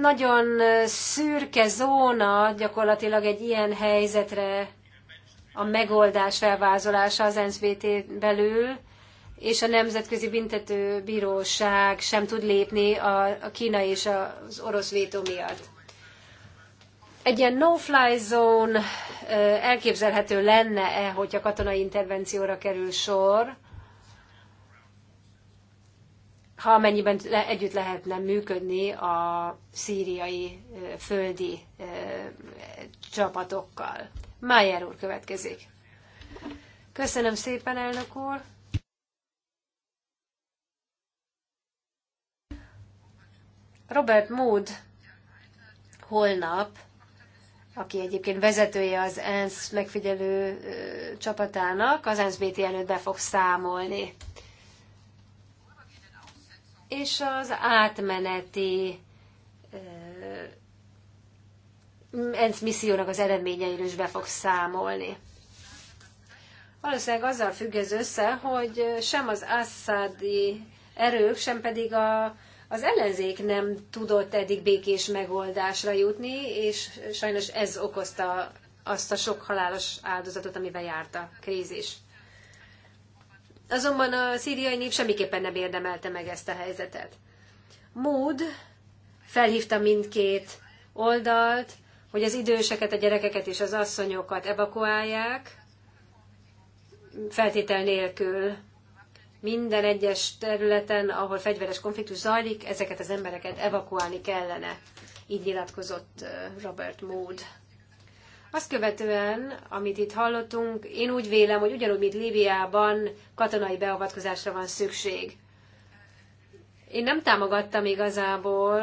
nagyon szürke zóna gyakorlatilag egy ilyen helyzetre a megoldás felvázolása az ensz belül, és a Nemzetközi Büntető Bíróság sem tud lépni a, kínai és az orosz vétó miatt. Egy ilyen no-fly zone elképzelhető lenne-e, hogyha katonai intervencióra kerül sor, ha amennyiben együtt lehetne működni a szíriai földi csapatokkal. Májer úr következik. Köszönöm szépen, elnök úr! Robert Mood holnap aki egyébként vezetője az ENSZ megfigyelő csapatának, az ENSZ BT előtt be fog számolni. És az átmeneti ENSZ missziónak az eredményeiről is be fog számolni. Valószínűleg azzal függ ez össze, hogy sem az Assadi erők, sem pedig a az ellenzék nem tudott eddig békés megoldásra jutni, és sajnos ez okozta azt a sok halálos áldozatot, amivel járt a krízis. Azonban a szíriai nép semmiképpen nem érdemelte meg ezt a helyzetet. Mód felhívta mindkét oldalt, hogy az időseket, a gyerekeket és az asszonyokat evakuálják, feltétel nélkül minden egyes területen, ahol fegyveres konfliktus zajlik, ezeket az embereket evakuálni kellene. Így nyilatkozott Robert Mood. Azt követően, amit itt hallottunk, én úgy vélem, hogy ugyanúgy, mint Líbiában katonai beavatkozásra van szükség. Én nem támogattam igazából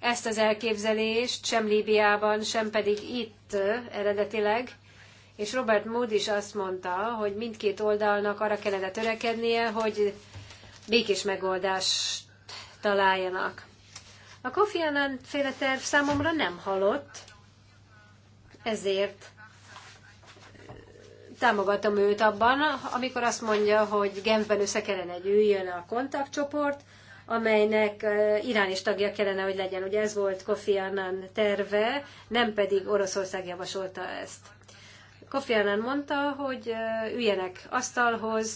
ezt az elképzelést, sem Líbiában, sem pedig itt eredetileg, és Robert Mood is azt mondta, hogy mindkét oldalnak arra kellene törekednie, hogy békés megoldást találjanak. A Kofi Annan féle terv számomra nem halott, ezért eh, támogatom őt abban, amikor azt mondja, hogy Genfben össze kellene gyűjjön a kontaktcsoport, amelynek eh, Irán is tagja kellene, hogy legyen. Ugye ez volt Kofi Annan terve, nem pedig Oroszország javasolta ezt. Kofi Annan mondta, hogy üljenek asztalhoz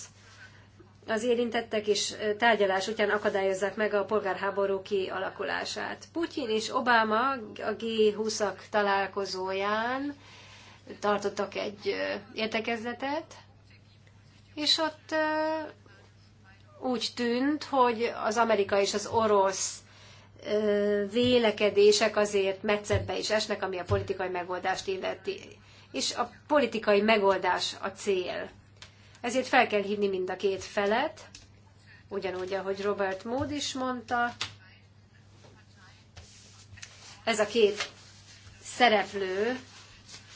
az érintettek, és tárgyalás után akadályozzák meg a polgárháború kialakulását. Putyin és Obama a G20-ak találkozóján tartottak egy értekezletet, és ott úgy tűnt, hogy az Amerika és az orosz vélekedések azért metszetbe is esnek, ami a politikai megoldást illeti és a politikai megoldás a cél. Ezért fel kell hívni mind a két felet, ugyanúgy, ahogy Robert Mood is mondta, ez a két szereplő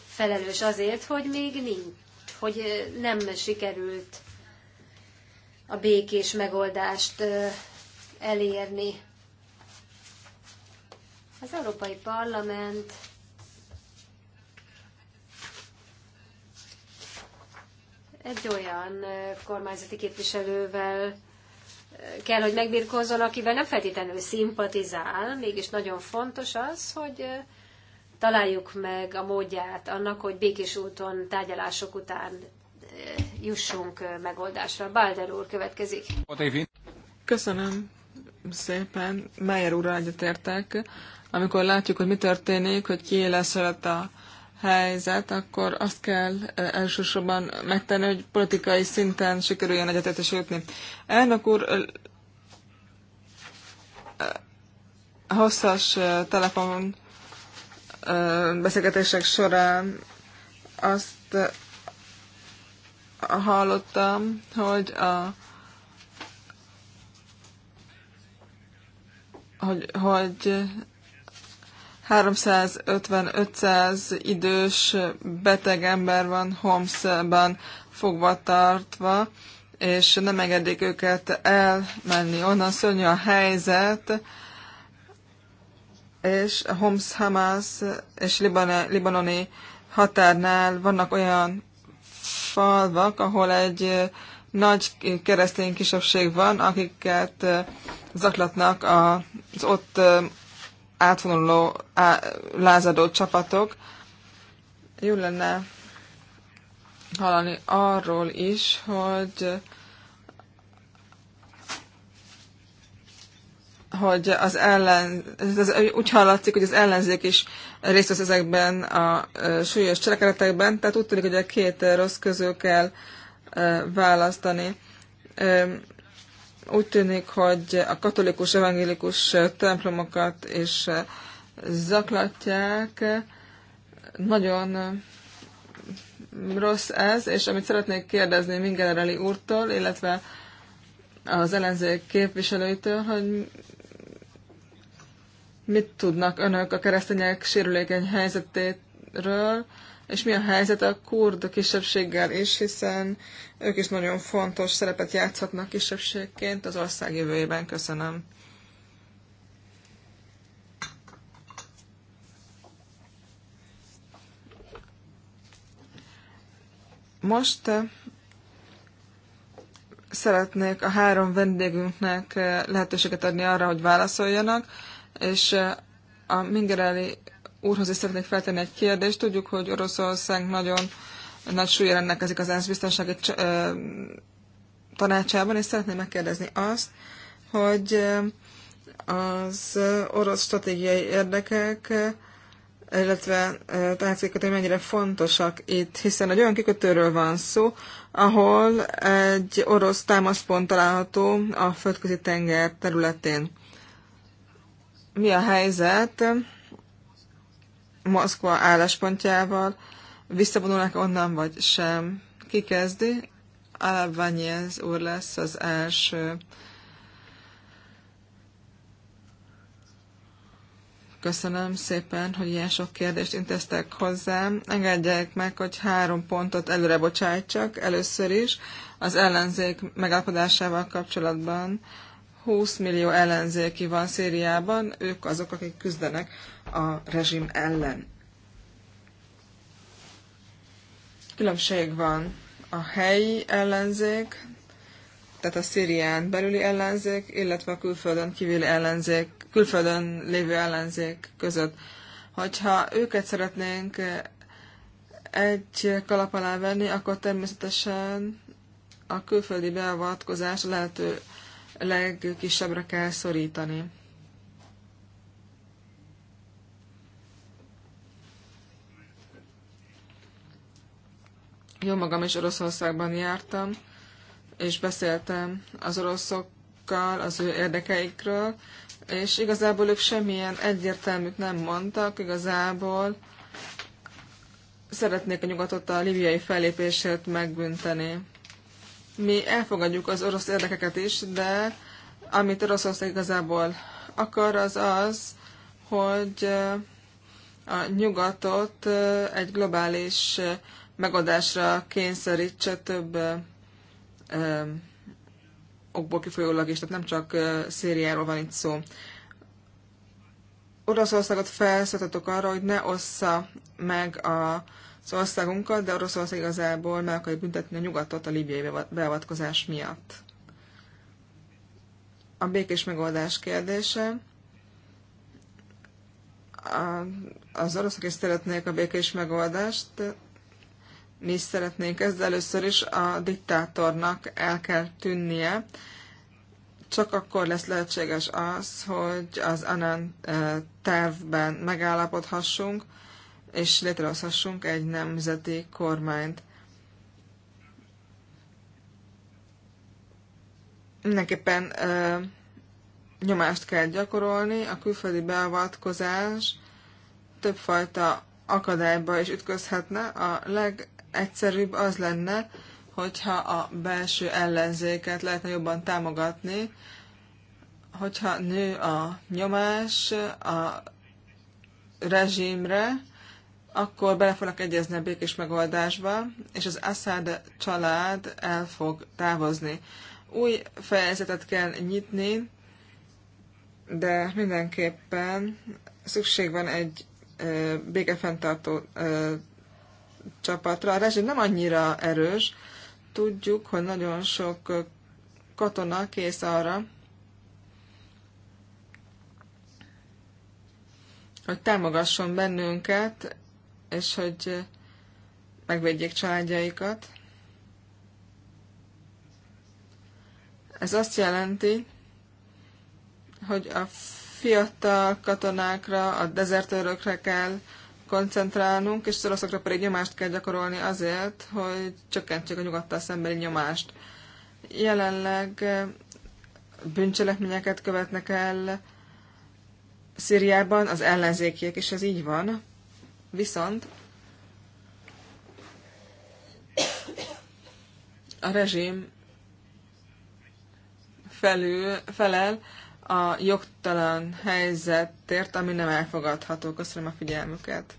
felelős azért, hogy még nincs, hogy nem sikerült a békés megoldást elérni. Az Európai Parlament egy olyan kormányzati képviselővel kell, hogy megbirkózzon, akivel nem feltétlenül szimpatizál, mégis nagyon fontos az, hogy találjuk meg a módját annak, hogy békés úton, tárgyalások után jussunk megoldásra. Balder úr következik. Köszönöm szépen. Meyer úrral egyetértek. Amikor látjuk, hogy mi történik, hogy lesz a helyzet, akkor azt kell e, elsősorban megtenni, hogy politikai szinten sikerüljön egyetetes jutni. Elnök úr, e, hosszas e, telefon beszélgetések során azt hallottam, hogy a hogy, hogy 350-500 idős beteg ember van Homszban fogva tartva, és nem engedik őket elmenni onnan, szörnyű a helyzet, és Homs Hamas és libanoni határnál vannak olyan falvak, ahol egy nagy keresztény kisebbség van, akiket zaklatnak az ott átvonuló, á, lázadó csapatok. Jó lenne hallani arról is, hogy hogy az ellen, ez az, úgy hallatszik, hogy az ellenzék is részt vesz ezekben a súlyos cselekedetekben, tehát úgy tűnik, hogy a két rossz közül kell választani. Úgy tűnik, hogy a katolikus evangélikus templomokat is eh, zaklatják. Nagyon eh, rossz ez, és amit szeretnék kérdezni Mingereli úrtól, illetve az ellenzék képviselőitől, hogy mit tudnak önök a keresztények sérülékeny helyzetéről, és mi a helyzet a kurd kisebbséggel is, hiszen ők is nagyon fontos szerepet játszhatnak kisebbségként az ország jövőjében. Köszönöm. Most eh, szeretnék a három vendégünknek eh, lehetőséget adni arra, hogy válaszoljanak, és eh, a Mingereli úrhoz is szeretnék feltenni egy kérdést. Tudjuk, hogy Oroszország nagyon nagy súlya rendelkezik az ENSZ biztonsági tanácsában, és szeretném megkérdezni azt, hogy az orosz stratégiai érdekek, illetve hogy mennyire fontosak itt, hiszen egy olyan kikötőről van szó, ahol egy orosz támaszpont található a földközi tenger területén. Mi a helyzet Moszkva álláspontjával, visszavonulnak onnan vagy sem. Ki kezdi? Alavanyez úr lesz az első. Köszönöm szépen, hogy ilyen sok kérdést intéztek hozzám. Engedjék meg, hogy három pontot előre bocsájtsak. Először is az ellenzék megállapodásával kapcsolatban 20 millió ellenzéki van Szíriában, ők azok, akik küzdenek a rezsim ellen. Különbség van a helyi ellenzék, tehát a Szírián belüli ellenzék, illetve a külföldön kívüli ellenzék, külföldön lévő ellenzék között. Hogyha őket szeretnénk egy kalap alá venni, akkor természetesen a külföldi beavatkozás lehető legkisebbre kell szorítani. Jó magam is Oroszországban jártam, és beszéltem az oroszokkal, az ő érdekeikről, és igazából ők semmilyen egyértelműt nem mondtak, igazából szeretnék a nyugatot a libiai fellépésért megbünteni mi elfogadjuk az orosz érdekeket is, de amit Oroszország igazából akar, az az, hogy eh, a nyugatot eh, egy globális eh, megoldásra kényszerítse több okból kifolyólag is, tehát nem csak szériáról van itt szó. Oroszországot felszóltatok arra, hogy ne ossza meg a az országunkat, de Oroszország igazából meg akarja büntetni a nyugatot a libiai beavatkozás miatt. A békés megoldás kérdése. A, az oroszok is szeretnék a békés megoldást, mi is szeretnénk ezt, de először is a diktátornak el kell tűnnie. Csak akkor lesz lehetséges az, hogy az Anan eh, tervben megállapodhassunk, és létrehozhassunk egy nemzeti kormányt. Mindenképpen ö, nyomást kell gyakorolni, a külföldi beavatkozás többfajta akadályba is ütközhetne. A legegyszerűbb az lenne, hogyha a belső ellenzéket lehetne jobban támogatni, hogyha nő a nyomás a rezsimre, akkor bele fognak egyezni a békés megoldásba, és az Assad család el fog távozni. Új fejezetet kell nyitni, de mindenképpen szükség van egy ö, békefenntartó ö, csapatra. A rezsim nem annyira erős. Tudjuk, hogy nagyon sok katona kész arra, hogy támogasson bennünket és hogy megvédjék családjaikat. Ez azt jelenti, hogy a fiatal katonákra, a dezertőrökre kell koncentrálnunk, és szoroszokra pedig nyomást kell gyakorolni azért, hogy csökkentsük a nyugattal szembeni nyomást. Jelenleg bűncselekményeket követnek el Szíriában az ellenzékiek, és ez így van. Viszont a rezsim felül, felel a jogtalan helyzetért, ami nem elfogadható. Köszönöm a figyelmüket.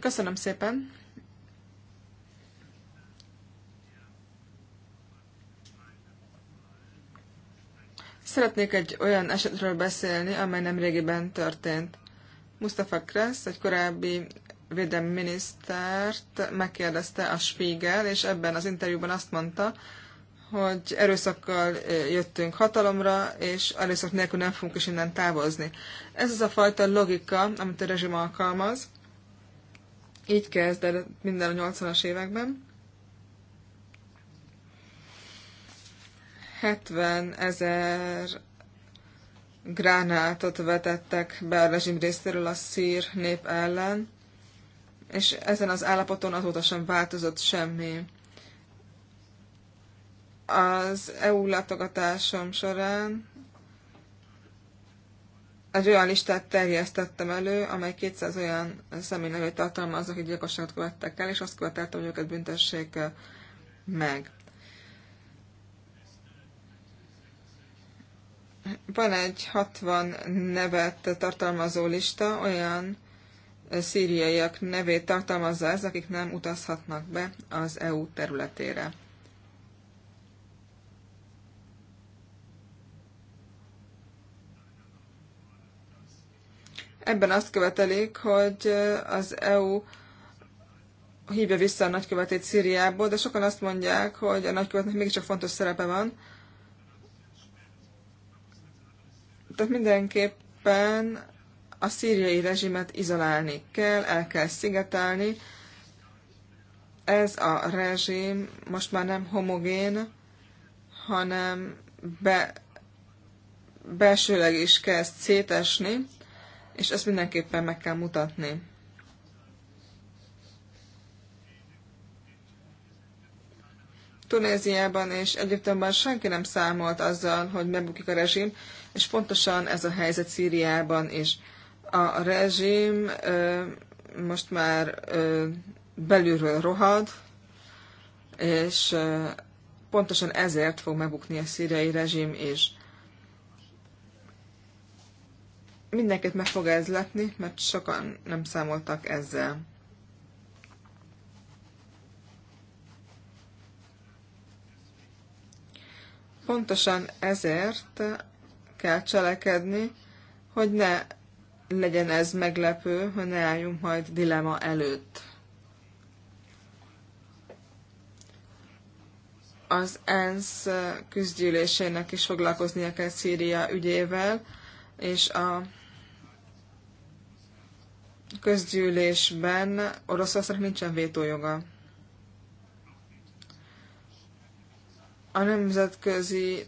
Köszönöm szépen! Szeretnék egy olyan esetről beszélni, amely nem régiben történt. Mustafa Kressz, egy korábbi védelmi minisztert megkérdezte a Spiegel, és ebben az interjúban azt mondta, hogy erőszakkal jöttünk hatalomra, és erőszak nélkül nem fogunk is innen távozni. Ez az a fajta logika, amit a rezsim alkalmaz. Így kezdett minden a 80-as években. 70 ezer gránátot vetettek be a rezsim részéről a szír nép ellen, és ezen az állapoton azóta sem változott semmi. Az EU látogatásom során egy olyan listát terjesztettem elő, amely 200 olyan személynevet tartalmaz, akik gyilkosságot követtek el, és azt követeltem, hogy őket büntessék meg. van egy 60 nevet tartalmazó lista, olyan eh, szíriaiak nevét tartalmazza ez, akik nem utazhatnak be az EU területére. Ebben azt követelik, hogy eh, az EU hívja vissza a nagykövetét Szíriából, de sokan azt mondják, hogy a nagykövetnek mégiscsak fontos szerepe van, Tehát mindenképpen a szíriai rezsimet izolálni kell, el kell szigetelni. Ez a rezsim most már nem homogén, hanem be, belsőleg is kezd szétesni, és ezt mindenképpen meg kell mutatni. Tunéziában és Egyiptomban senki nem számolt azzal, hogy megbukik a rezsim, és pontosan ez a helyzet Szíriában is. A rezsim ö, most már ö, belülről rohad, és ö, pontosan ezért fog megbukni a szíriai rezsim is. Mindenkit meg fog ez letni, mert sokan nem számoltak ezzel. Pontosan ezért kell cselekedni, hogy ne legyen ez meglepő, hogy ne álljunk majd dilema előtt. Az ENSZ küzdgyűlésének is foglalkoznia kell Szíria ügyével, és a közgyűlésben Oroszországnak nincsen vétójoga. a nemzetközi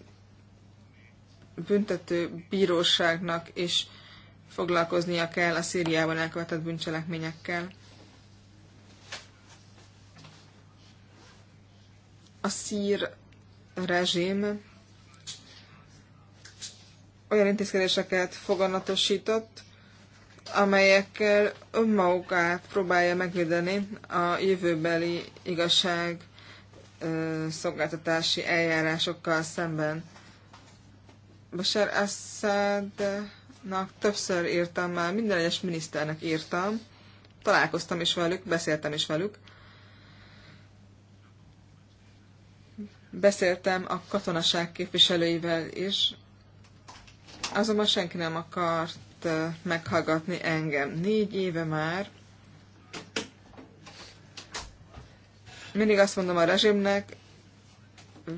büntető bíróságnak is foglalkoznia kell a Szíriában elkövetett bűncselekményekkel. A szír rezsim olyan intézkedéseket foganatosított, amelyekkel önmagukát próbálja megvédeni a jövőbeli igazság szolgáltatási eljárásokkal szemben. Bashar Assadnak többször írtam már, minden egyes miniszternek írtam, találkoztam is velük, beszéltem is velük. Beszéltem a katonaság képviselőivel is, azonban senki nem akart meghallgatni engem. Négy éve már Mindig azt mondom a rezsimnek,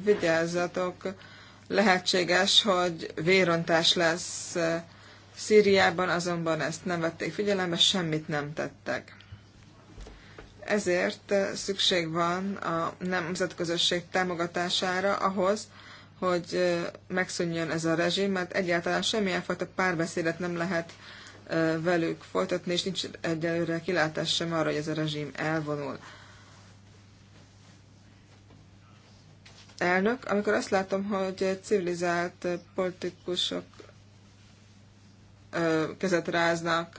vigyázzatok, lehetséges, hogy vérontás lesz eh, Szíriában, azonban ezt nem vették figyelembe, semmit nem tettek. Ezért eh, szükség van a nemzetközösség támogatására ahhoz, hogy eh, megszűnjön ez a rezsim, mert egyáltalán semmilyen fajta párbeszédet nem lehet velük folytatni, és nincs egyelőre kilátás sem arra, hogy ez a rezsim elvonul. elnök, amikor azt látom, hogy civilizált politikusok kezet ráznak,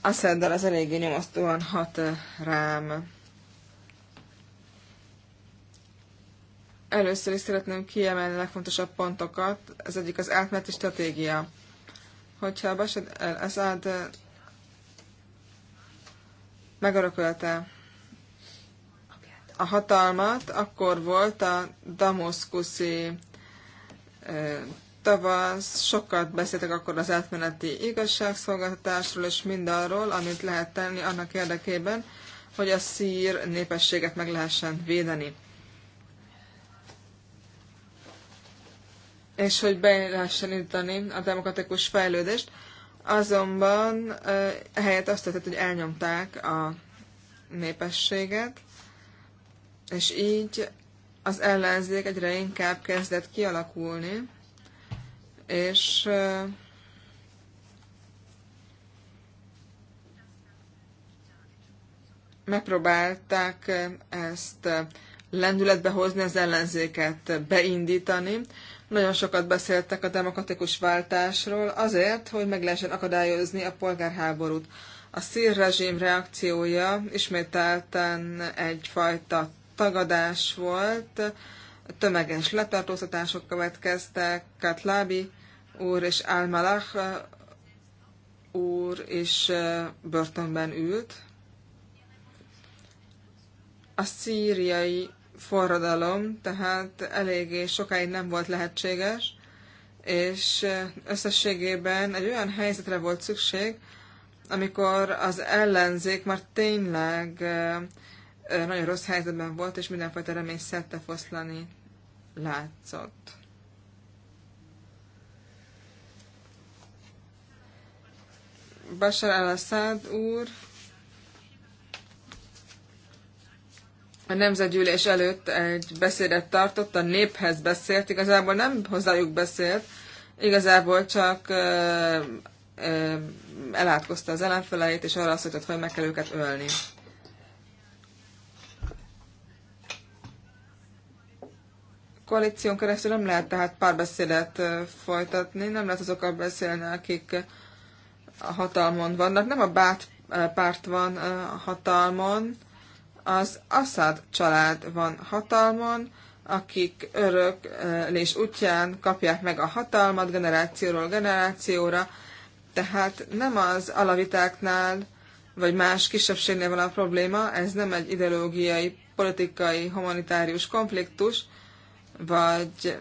Ascendel az eléggé nyomasztóan hat rám. Először is szeretném kiemelni a legfontosabb pontokat. Ez egyik az átmeneti stratégia. Hogyha Bashar el-Assad megörökölte a hatalmat, akkor volt a damoszkuszi tavasz, sokat beszéltek akkor az átmeneti igazságszolgáltatásról, és mindarról, amit lehet tenni annak érdekében, hogy a szír népességet meg lehessen védeni. És hogy be lehessen indítani a demokratikus fejlődést, azonban helyett azt tettek, hogy elnyomták a népességet, és így az ellenzék egyre inkább kezdett kialakulni, és megpróbálták ezt lendületbe hozni, az ellenzéket beindítani. Nagyon sokat beszéltek a demokratikus váltásról azért, hogy meg lehessen akadályozni a polgárháborút. A szír rezsim reakciója ismételten egyfajta tagadás volt, tömeges letartóztatások következtek, Katlábi úr és Almalach úr is börtönben ült. A szíriai forradalom tehát eléggé sokáig nem volt lehetséges, és összességében egy olyan helyzetre volt szükség, amikor az ellenzék már tényleg nagyon rossz helyzetben volt, és mindenfajta remény szerte foszlani látszott. Bashar al-Assad úr a nemzetgyűlés előtt egy beszédet tartott, a néphez beszélt, igazából nem hozzájuk beszélt, igazából csak ö, ö, elátkozta az ellenfeleit, és arra azt hogy meg kell őket ölni. koalíción keresztül nem lehet tehát párbeszédet folytatni, nem lehet azokkal beszélni, akik a hatalmon vannak. Nem a bát párt van a hatalmon, az Assad család van hatalmon, akik és útján kapják meg a hatalmat generációról generációra, tehát nem az alavitáknál vagy más kisebbségnél van a probléma, ez nem egy ideológiai, politikai, humanitárius konfliktus, vagy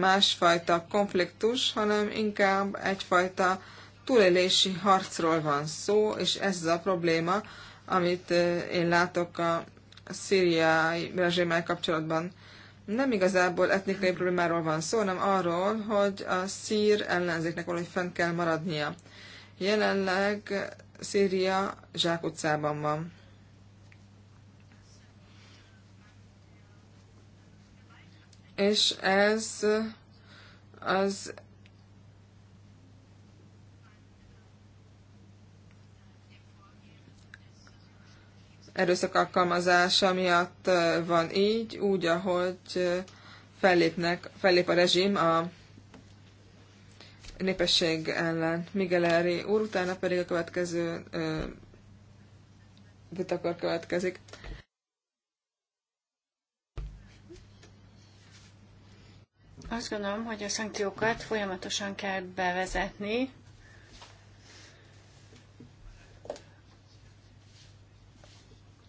másfajta konfliktus, hanem inkább egyfajta túlélési harcról van szó, és ez az a probléma, amit eh, én látok a szíriai rezsimmel kapcsolatban. Nem igazából etnikai problémáról van szó, hanem arról, hogy a szír ellenzéknek valahogy fent kell maradnia. Jelenleg Szíria zsákutcában van. és ez az erőszak alkalmazása miatt van így, úgy, ahogy fellépnek, fellép a rezsim a népesség ellen. Miguel Eri úr, utána pedig a következő vitakor következik. Azt gondolom, hogy a szankciókat folyamatosan kell bevezetni,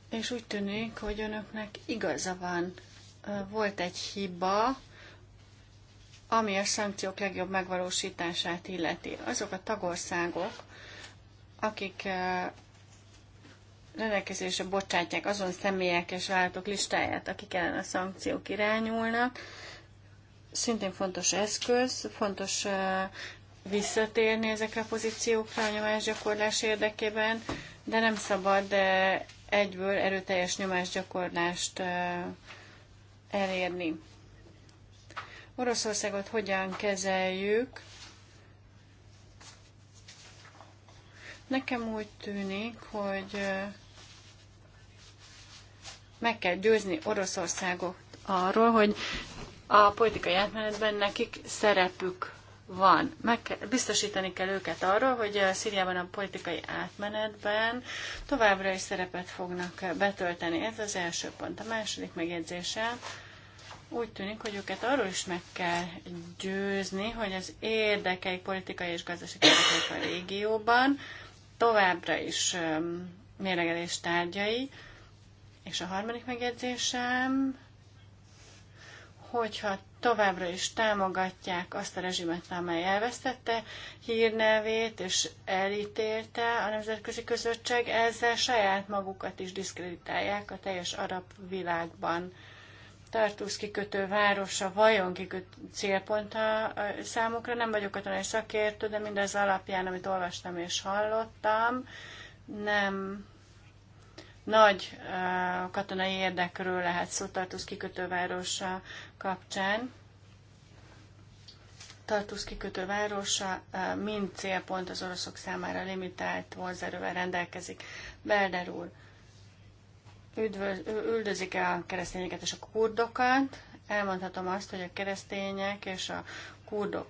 és úgy tűnik, hogy önöknek igaza van. Volt egy hiba, ami a szankciók legjobb megvalósítását illeti. Azok a tagországok, akik rendelkezésre bocsátják azon személyek és vállalatok listáját, akik ellen a szankciók irányulnak, szintén fontos eszköz, fontos visszatérni ezekre a pozíciókra a nyomásgyakorlás érdekében, de nem szabad egyből erőteljes nyomásgyakorlást elérni. Oroszországot hogyan kezeljük? Nekem úgy tűnik, hogy meg kell győzni Oroszországot arról, hogy a politikai átmenetben nekik szerepük van. Meg kell, biztosítani kell őket arról, hogy a eh, Szíriában a politikai átmenetben továbbra is szerepet fognak eh, betölteni. Ez az első pont. A második megjegyzése úgy tűnik, hogy őket arról is meg kell győzni, hogy az érdekeik, politikai és gazdasági érdekeik a régióban továbbra is mérlegelés tárgyai. És a harmadik megjegyzésem hogyha továbbra is támogatják azt a rezsimet, amely elvesztette hírnevét és elítélte a nemzetközi közösség, ezzel saját magukat is diszkreditálják a teljes arab világban. Tartusz kikötő városa vajon kiköt célponta számukra? Nem vagyok katonai szakértő, de mindez alapján, amit olvastam és hallottam, nem nagy katonai érdekről lehet szó Tartusz kikötővárosa kapcsán. Tartusz kikötővárosa mind célpont az oroszok számára limitált vonzerővel rendelkezik. Belder úr, üldözik el a keresztényeket és a kurdokat? Elmondhatom azt, hogy a keresztények és a kurdok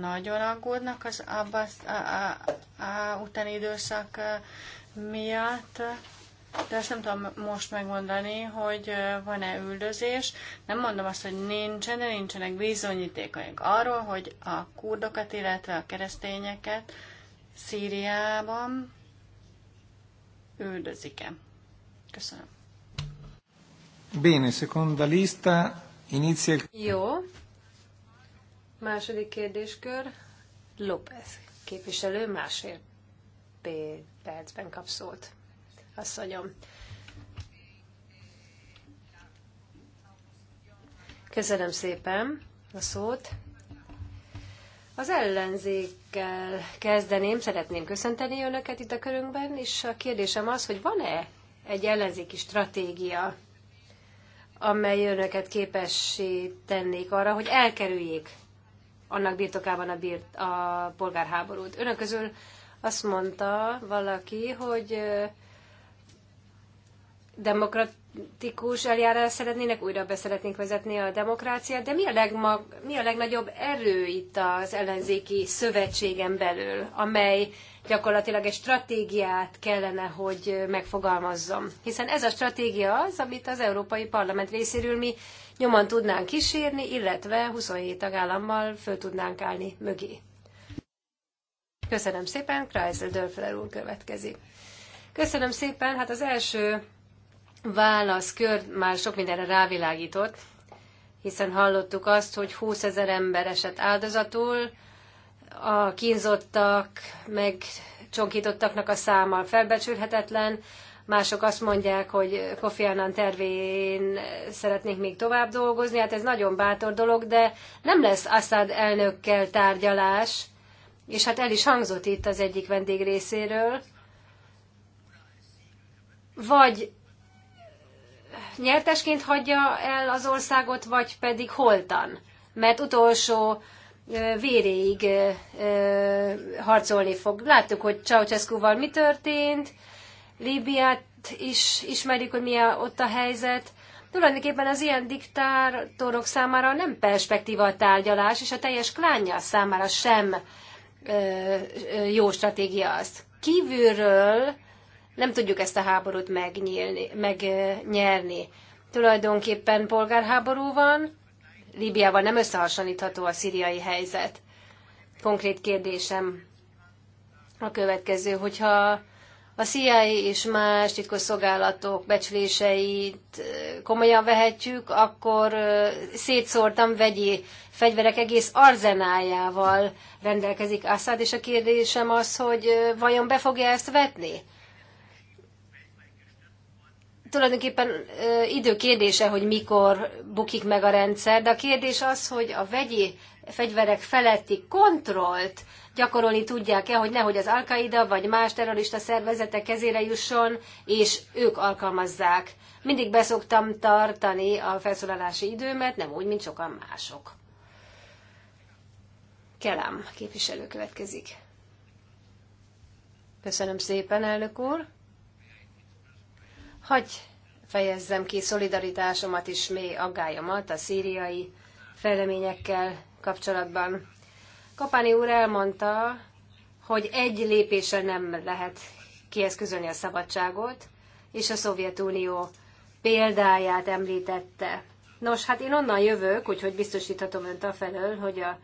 nagyon aggódnak az Abbas a, a, a, utáni időszak miatt de azt nem tudom most megmondani, hogy van-e üldözés. Nem mondom azt, hogy nincsen, de nincsenek bizonyítékaink arról, hogy a kurdokat, illetve a keresztényeket Szíriában üldözik-e. Köszönöm. Bene, seconda lista, inizia... Jó. Második kérdéskör. López képviselő másért percben kap szót asszonyom. Köszönöm szépen a szót. Az ellenzékkel kezdeném, szeretném köszönteni Önöket itt a körünkben, és a kérdésem az, hogy van-e egy ellenzéki stratégia, amely Önöket képessé tennék arra, hogy elkerüljék annak birtokában a, birt, a polgárháborút. Önök közül azt mondta valaki, hogy demokratikus eljárás szeretnének, újra beszeretnénk vezetni a demokráciát, de mi a, legmag, mi a legnagyobb erő itt az ellenzéki szövetségen belül, amely gyakorlatilag egy stratégiát kellene, hogy megfogalmazzam. Hiszen ez a stratégia az, amit az Európai Parlament részéről mi nyomon tudnánk kísérni, illetve 27 tagállammal föl tudnánk állni mögé. Köszönöm szépen, Kreisel Dörfler úr következik. Köszönöm szépen, hát az első válaszkör már sok mindenre rávilágított, hiszen hallottuk azt, hogy 20 ezer ember esett áldozatul, a kínzottak, meg csonkítottaknak a száma felbecsülhetetlen, mások azt mondják, hogy Kofi Annan tervén szeretnék még tovább dolgozni, hát ez nagyon bátor dolog, de nem lesz Assad elnökkel tárgyalás, és hát el is hangzott itt az egyik vendég részéről, vagy nyertesként hagyja el az országot, vagy pedig holtan, mert utolsó véréig harcolni fog. Láttuk, hogy Ceausescu-val mi történt, Líbiát is ismerjük, hogy milyen ott a helyzet. Tulajdonképpen az ilyen diktátorok számára nem perspektíva a tárgyalás, és a teljes klánja számára sem jó stratégia az. Kívülről nem tudjuk ezt a háborút megnyílni, megnyerni. Tulajdonképpen polgárháború van, Líbiával nem összehasonlítható a szíriai helyzet. Konkrét kérdésem a következő, hogyha a CIA és más titkosszolgálatok becsléseit komolyan vehetjük, akkor szétszórtam vegyi fegyverek egész arzenájával rendelkezik Assad, és a kérdésem az, hogy vajon be fogja ezt vetni? tulajdonképpen ö, idő kérdése, hogy mikor bukik meg a rendszer, de a kérdés az, hogy a vegyi fegyverek feletti kontrollt gyakorolni tudják-e, hogy nehogy az Al-Qaida vagy más terrorista szervezetek kezére jusson, és ők alkalmazzák. Mindig beszoktam tartani a felszólalási időmet, nem úgy, mint sokan mások. Kelem képviselő következik. Köszönöm szépen, elnök úr. Hagy fejezzem ki szolidaritásomat és mély aggályomat a szíriai fejleményekkel kapcsolatban. Kapáni úr elmondta, hogy egy lépéssel nem lehet kieszközölni a szabadságot, és a Szovjetunió példáját említette. Nos, hát én onnan jövök, úgyhogy biztosíthatom önt afelől, hogy a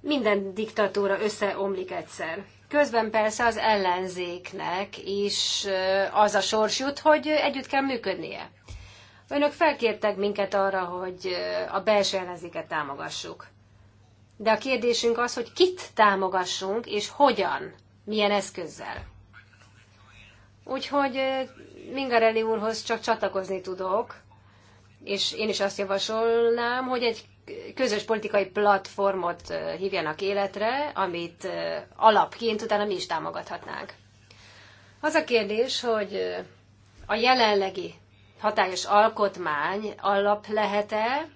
minden diktatúra összeomlik egyszer. Közben persze az ellenzéknek is az a sors jut, hogy együtt kell működnie. Önök felkértek minket arra, hogy a belső ellenzéket támogassuk. De a kérdésünk az, hogy kit támogassunk, és hogyan, milyen eszközzel. Úgyhogy Mingarelli úrhoz csak csatlakozni tudok, és én is azt javasolnám, hogy egy közös politikai platformot hívjanak életre, amit alapként utána mi is támogathatnánk. Az a kérdés, hogy a jelenlegi hatályos alkotmány alap lehet-e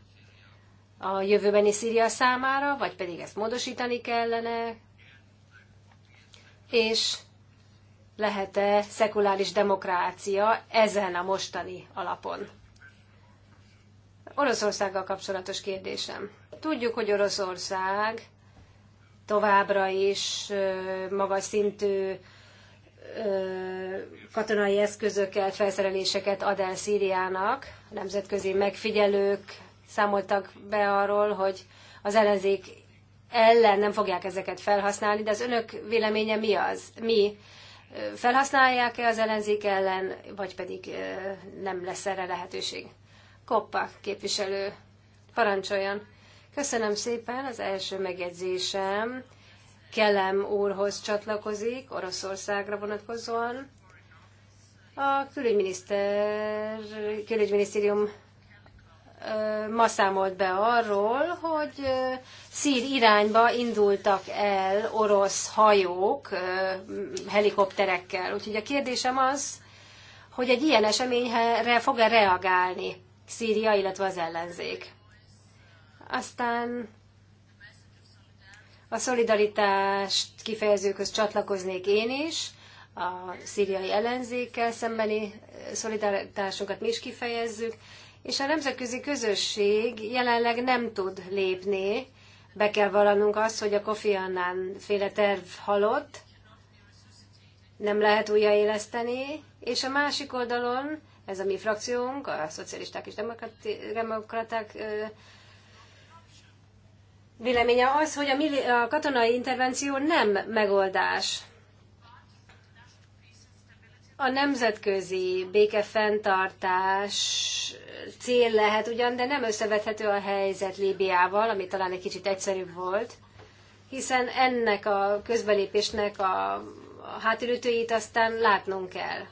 a jövőbeni Szíria számára, vagy pedig ezt módosítani kellene, és lehet-e szekuláris demokrácia ezen a mostani alapon. Oroszországgal kapcsolatos kérdésem. Tudjuk, hogy Oroszország továbbra is magas szintű katonai eszközöket, felszereléseket ad el Szíriának. A nemzetközi megfigyelők számoltak be arról, hogy az ellenzék ellen nem fogják ezeket felhasználni, de az önök véleménye mi az? Mi felhasználják-e az ellenzék ellen, vagy pedig nem lesz erre lehetőség? Koppa képviselő, parancsoljon. Köszönöm szépen, az első megjegyzésem Kelem úrhoz csatlakozik, Oroszországra vonatkozóan. A külügyminiszter, külügyminisztérium ma számolt be arról, hogy Szír irányba indultak el orosz hajók helikopterekkel. Úgyhogy a kérdésem az, hogy egy ilyen eseményre fog-e reagálni Szíria, illetve az ellenzék. Aztán a szolidaritást kifejezőköz csatlakoznék én is, a szíriai ellenzékkel szembeni szolidaritásunkat mi is kifejezzük, és a nemzetközi közösség jelenleg nem tud lépni, be kell vallanunk azt, hogy a Kofi Annan féle terv halott, nem lehet újraéleszteni, és a másik oldalon ez a mi frakciónk, a szocialisták és demokraták véleménye az, hogy a, a katonai intervenció nem megoldás. A nemzetközi békefenntartás cél lehet ugyan, de nem összevethető a helyzet Líbiával, ami talán egy kicsit egyszerűbb volt, hiszen ennek a közbelépésnek a hátulütőjét aztán látnunk kell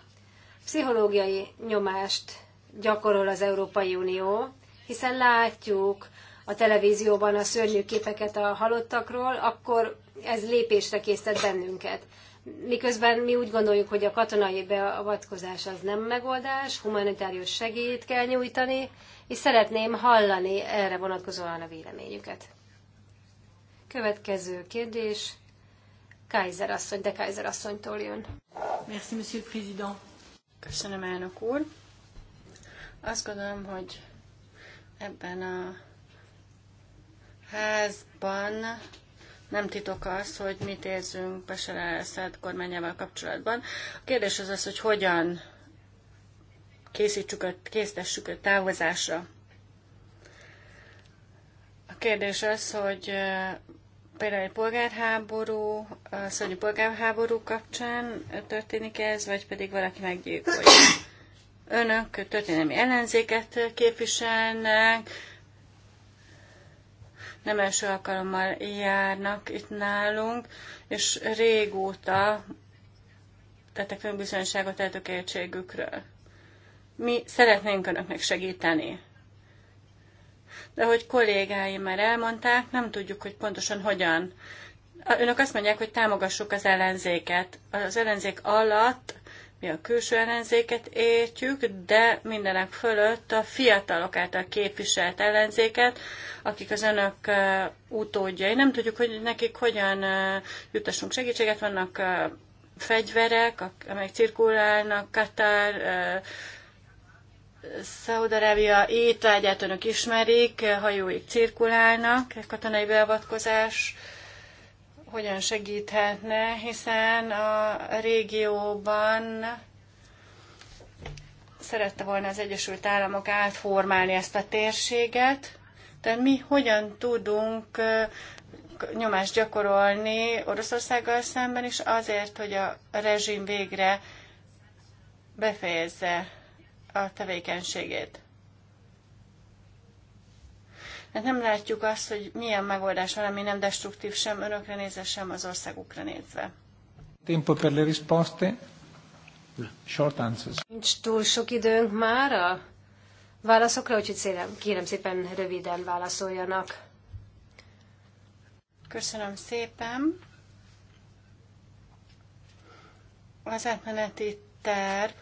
pszichológiai nyomást gyakorol az Európai Unió, hiszen látjuk a televízióban a szörnyű képeket a halottakról, akkor ez lépésre késztet bennünket. Miközben mi úgy gondoljuk, hogy a katonai beavatkozás az nem megoldás, humanitárius segélyt kell nyújtani, és szeretném hallani erre vonatkozóan a véleményüket. Következő kérdés Kaiser asszony, de Kaiser asszonytól jön. Merci, monsieur le président. Köszönöm, elnök úr. Azt gondolom, hogy ebben a házban nem titok az, hogy mit érzünk Bashar al kormányával kapcsolatban. A kérdés az az, hogy hogyan készítsük a, készítessük a távozásra. A kérdés az, hogy például egy polgárháború, a szörnyű polgárháború kapcsán történik ez, vagy pedig valaki meggyilkolja. Önök történelmi ellenzéket képviselnek, nem első alkalommal járnak itt nálunk, és régóta tettek önbizonyságot eltökéltségükről. Mi szeretnénk önöknek segíteni de hogy kollégáim már elmondták, nem tudjuk, hogy pontosan hogyan. Önök azt mondják, hogy támogassuk az ellenzéket. Az ellenzék alatt mi a külső ellenzéket értjük, de mindenek fölött a fiatalok által képviselt ellenzéket, akik az önök utódjai. Nem tudjuk, hogy nekik hogyan jutassunk segítséget. Vannak fegyverek, amelyek cirkulálnak, Katar, Szaudarábia étvágyát önök ismerik, hajóik cirkulálnak, katonai beavatkozás hogyan segíthetne, hiszen a régióban szerette volna az Egyesült Államok átformálni ezt a térséget, tehát mi hogyan tudunk nyomást gyakorolni Oroszországgal szemben is azért, hogy a rezsim végre befejezze a tevékenységét. Mert hát nem látjuk azt, hogy milyen megoldás van, ami nem destruktív sem önökre nézve, sem az országukra nézve. Tempo per le risposte. Short answers. Nincs túl sok időnk már a válaszokra, úgyhogy szélem, kérem szépen röviden válaszoljanak. Köszönöm szépen. Az átmeneti terv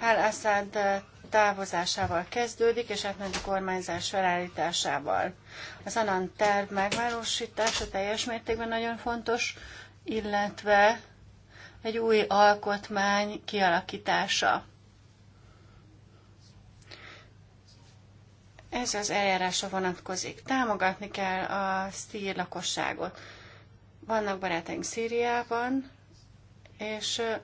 Al-Assad eh, távozásával kezdődik, és átmeneti kormányzás felállításával. Az Anan terv megvalósítása teljes mértékben nagyon fontos, illetve egy új alkotmány kialakítása. Ez az eljárása vonatkozik. Támogatni kell a szír lakosságot. Vannak barátaink Szíriában, és eh,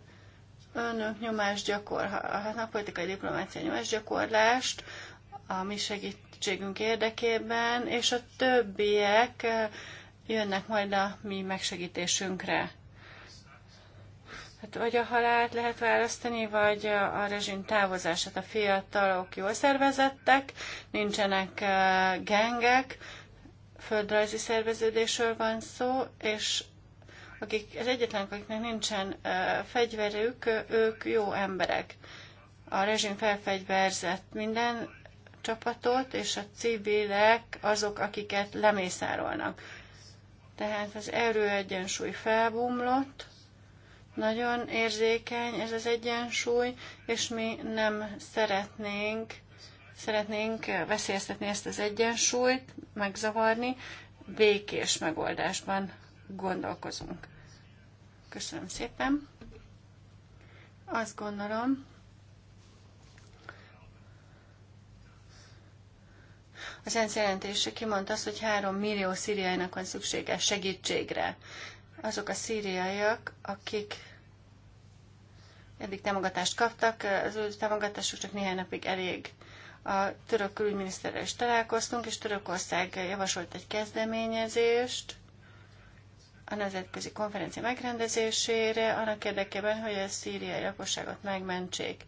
önök nyomást hát politikai diplomácia nyomás gyakorlást, a mi segítségünk érdekében, és a többiek eh, jönnek majd a mi megsegítésünkre. Hát vagy a halált lehet választani, vagy a rezsim távozását. A fiatalok jól szervezettek, nincsenek eh, gengek, földrajzi szerveződésről van szó, és akik az egyetlenek, akiknek nincsen fegyverük, ők jó emberek. A rezsim felfegyverzett minden csapatot, és a civilek azok, akiket lemészárolnak. Tehát az erőegyensúly felbomlott, nagyon érzékeny ez az egyensúly, és mi nem szeretnénk, szeretnénk veszélyeztetni ezt az egyensúlyt, megzavarni, békés megoldásban gondolkozunk. Köszönöm szépen. Azt gondolom, az ENSZ jelentése kimondta azt, hogy három millió szíriainak van szüksége segítségre. Azok a szíriaiak, akik eddig támogatást kaptak, az ő támogatásuk csak néhány napig elég. A török külügyminiszterrel is találkoztunk, és Törökország javasolt egy kezdeményezést, a nemzetközi konferencia megrendezésére, annak érdekében, hogy a szíriai lakosságot megmentsék.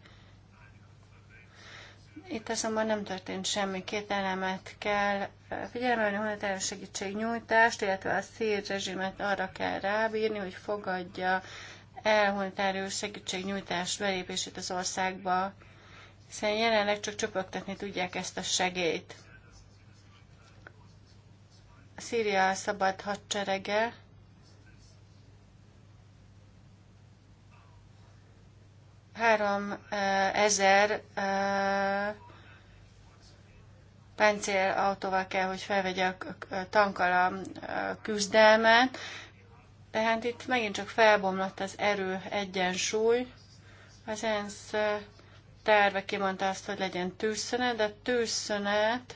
Itt azonban nem történt semmi. Két elemet kell figyelmelni, humanitárius segítségnyújtást, illetve a szír rezsimet arra kell rábírni, hogy fogadja el humanitárius segítségnyújtás belépését az országba, hiszen jelenleg csak csöpögtetni tudják ezt a segélyt. A Szíria szabad hadserege 3000 eh, eh, páncélautóval kell, hogy felvegye a tankal a eh, küzdelmet. Tehát itt megint csak felbomlott az erő egyensúly. Az ENSZ terve kimondta azt, hogy legyen tűzszönet, de tűzszönet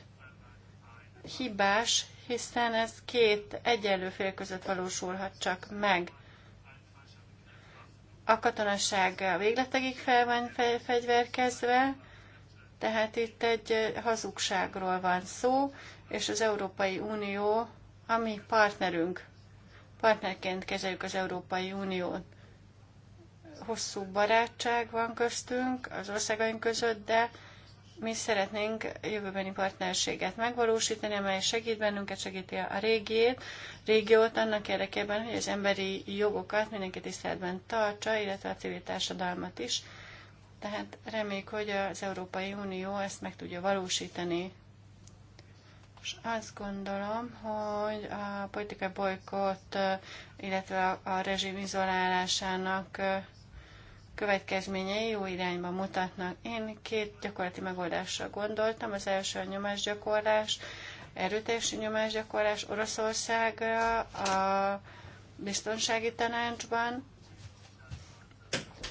hibás, hiszen ez két egyenlő fél között valósulhat csak meg a katonaság végletegig fel van fegyverkezve, tehát itt egy hazugságról van szó, és az Európai Unió, ami partnerünk, partnerként kezeljük az Európai Uniót. Hosszú barátság van köztünk, az országaink között, de mi szeretnénk jövőbeni partnerséget megvalósítani, amely segít bennünket, segíti a régiét, régiót annak érdekében, hogy az emberi jogokat mindenki tiszteletben tartsa, illetve a civil társadalmat is. Tehát reméljük, hogy az Európai Unió ezt meg tudja valósítani. És azt gondolom, hogy a politikai bolykott, illetve a rezsim izolálásának következményei jó irányba mutatnak. Én két gyakorlati megoldásra gondoltam. Az első a nyomásgyakorlás, erőteljes nyomásgyakorlás Oroszországra a biztonsági tanácsban,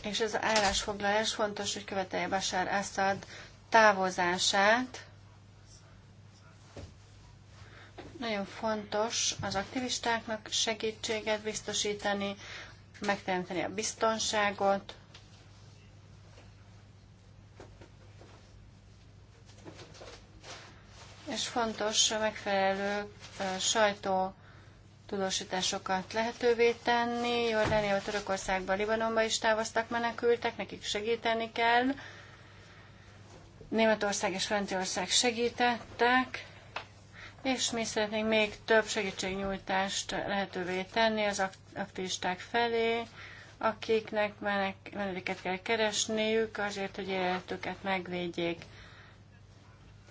és ez az állásfoglalás fontos, hogy követelje Basár Assad távozását. Nagyon fontos az aktivistáknak segítséget biztosítani, megteremteni a biztonságot, és fontos megfelelő sajtó tudósításokat lehetővé tenni. Jordánia, Törökországban, Libanonban is távoztak menekültek, nekik segíteni kell. Németország és Franciaország segítettek, és mi szeretnénk még több segítségnyújtást lehetővé tenni az aktivisták felé, akiknek menedéket kell keresniük azért, hogy életüket megvédjék.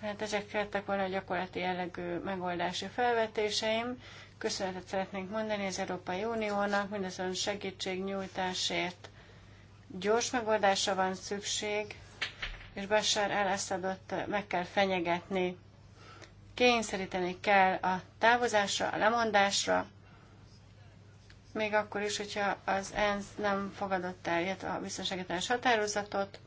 Tehát ezek lettek volna a gyakorlati jellegű megoldási felvetéseim. Köszönetet szeretnénk mondani az Európai Uniónak, mindazon segítségnyújtásért. Gyors megoldásra van szükség, és Bashar el meg kell fenyegetni. Kényszeríteni kell a távozásra, a lemondásra, még akkor is, hogyha az ENSZ nem fogadott el, illetve a biztonságítás határozatot,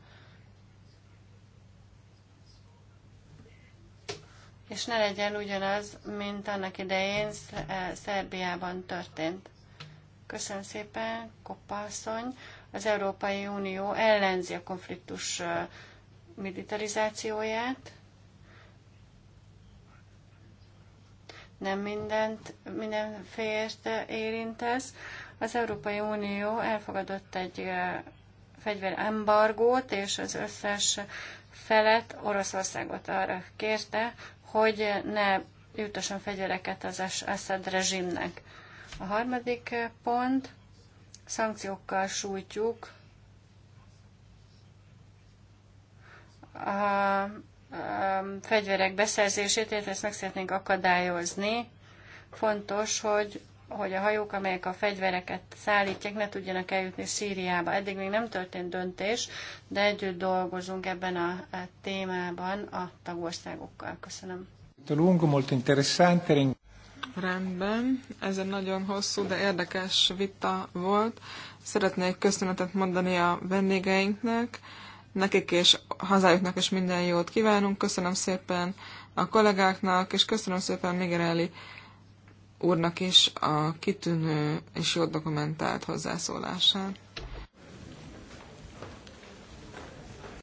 és ne legyen ugyanaz, mint annak idején eh, Szerbiában történt. Köszönöm szépen, Koppászony. Az Európai Unió ellenzi a konfliktus eh, militarizációját. Nem mindent, minden fért ez. Az Európai Unió elfogadott egy eh, fegyverembargót, és az összes felett Oroszországot arra kérte, hogy ne jutasson fegyvereket az Assad rezsimnek. A harmadik pont, szankciókkal sújtjuk a fegyverek beszerzését, illetve ezt meg szeretnénk akadályozni. Fontos, hogy hogy a hajók, amelyek a fegyvereket szállítják, ne tudjanak eljutni Szíriába. Eddig még nem történt döntés, de együtt dolgozunk ebben a, témában a tagországokkal. Köszönöm. interessante. Rendben, ez egy nagyon hosszú, de érdekes vita volt. Szeretnék köszönetet mondani a vendégeinknek, nekik és hazájuknak is minden jót kívánunk. Köszönöm szépen a kollégáknak, és köszönöm szépen Migereli úrnak is a kitűnő és jól dokumentált hozzászólását.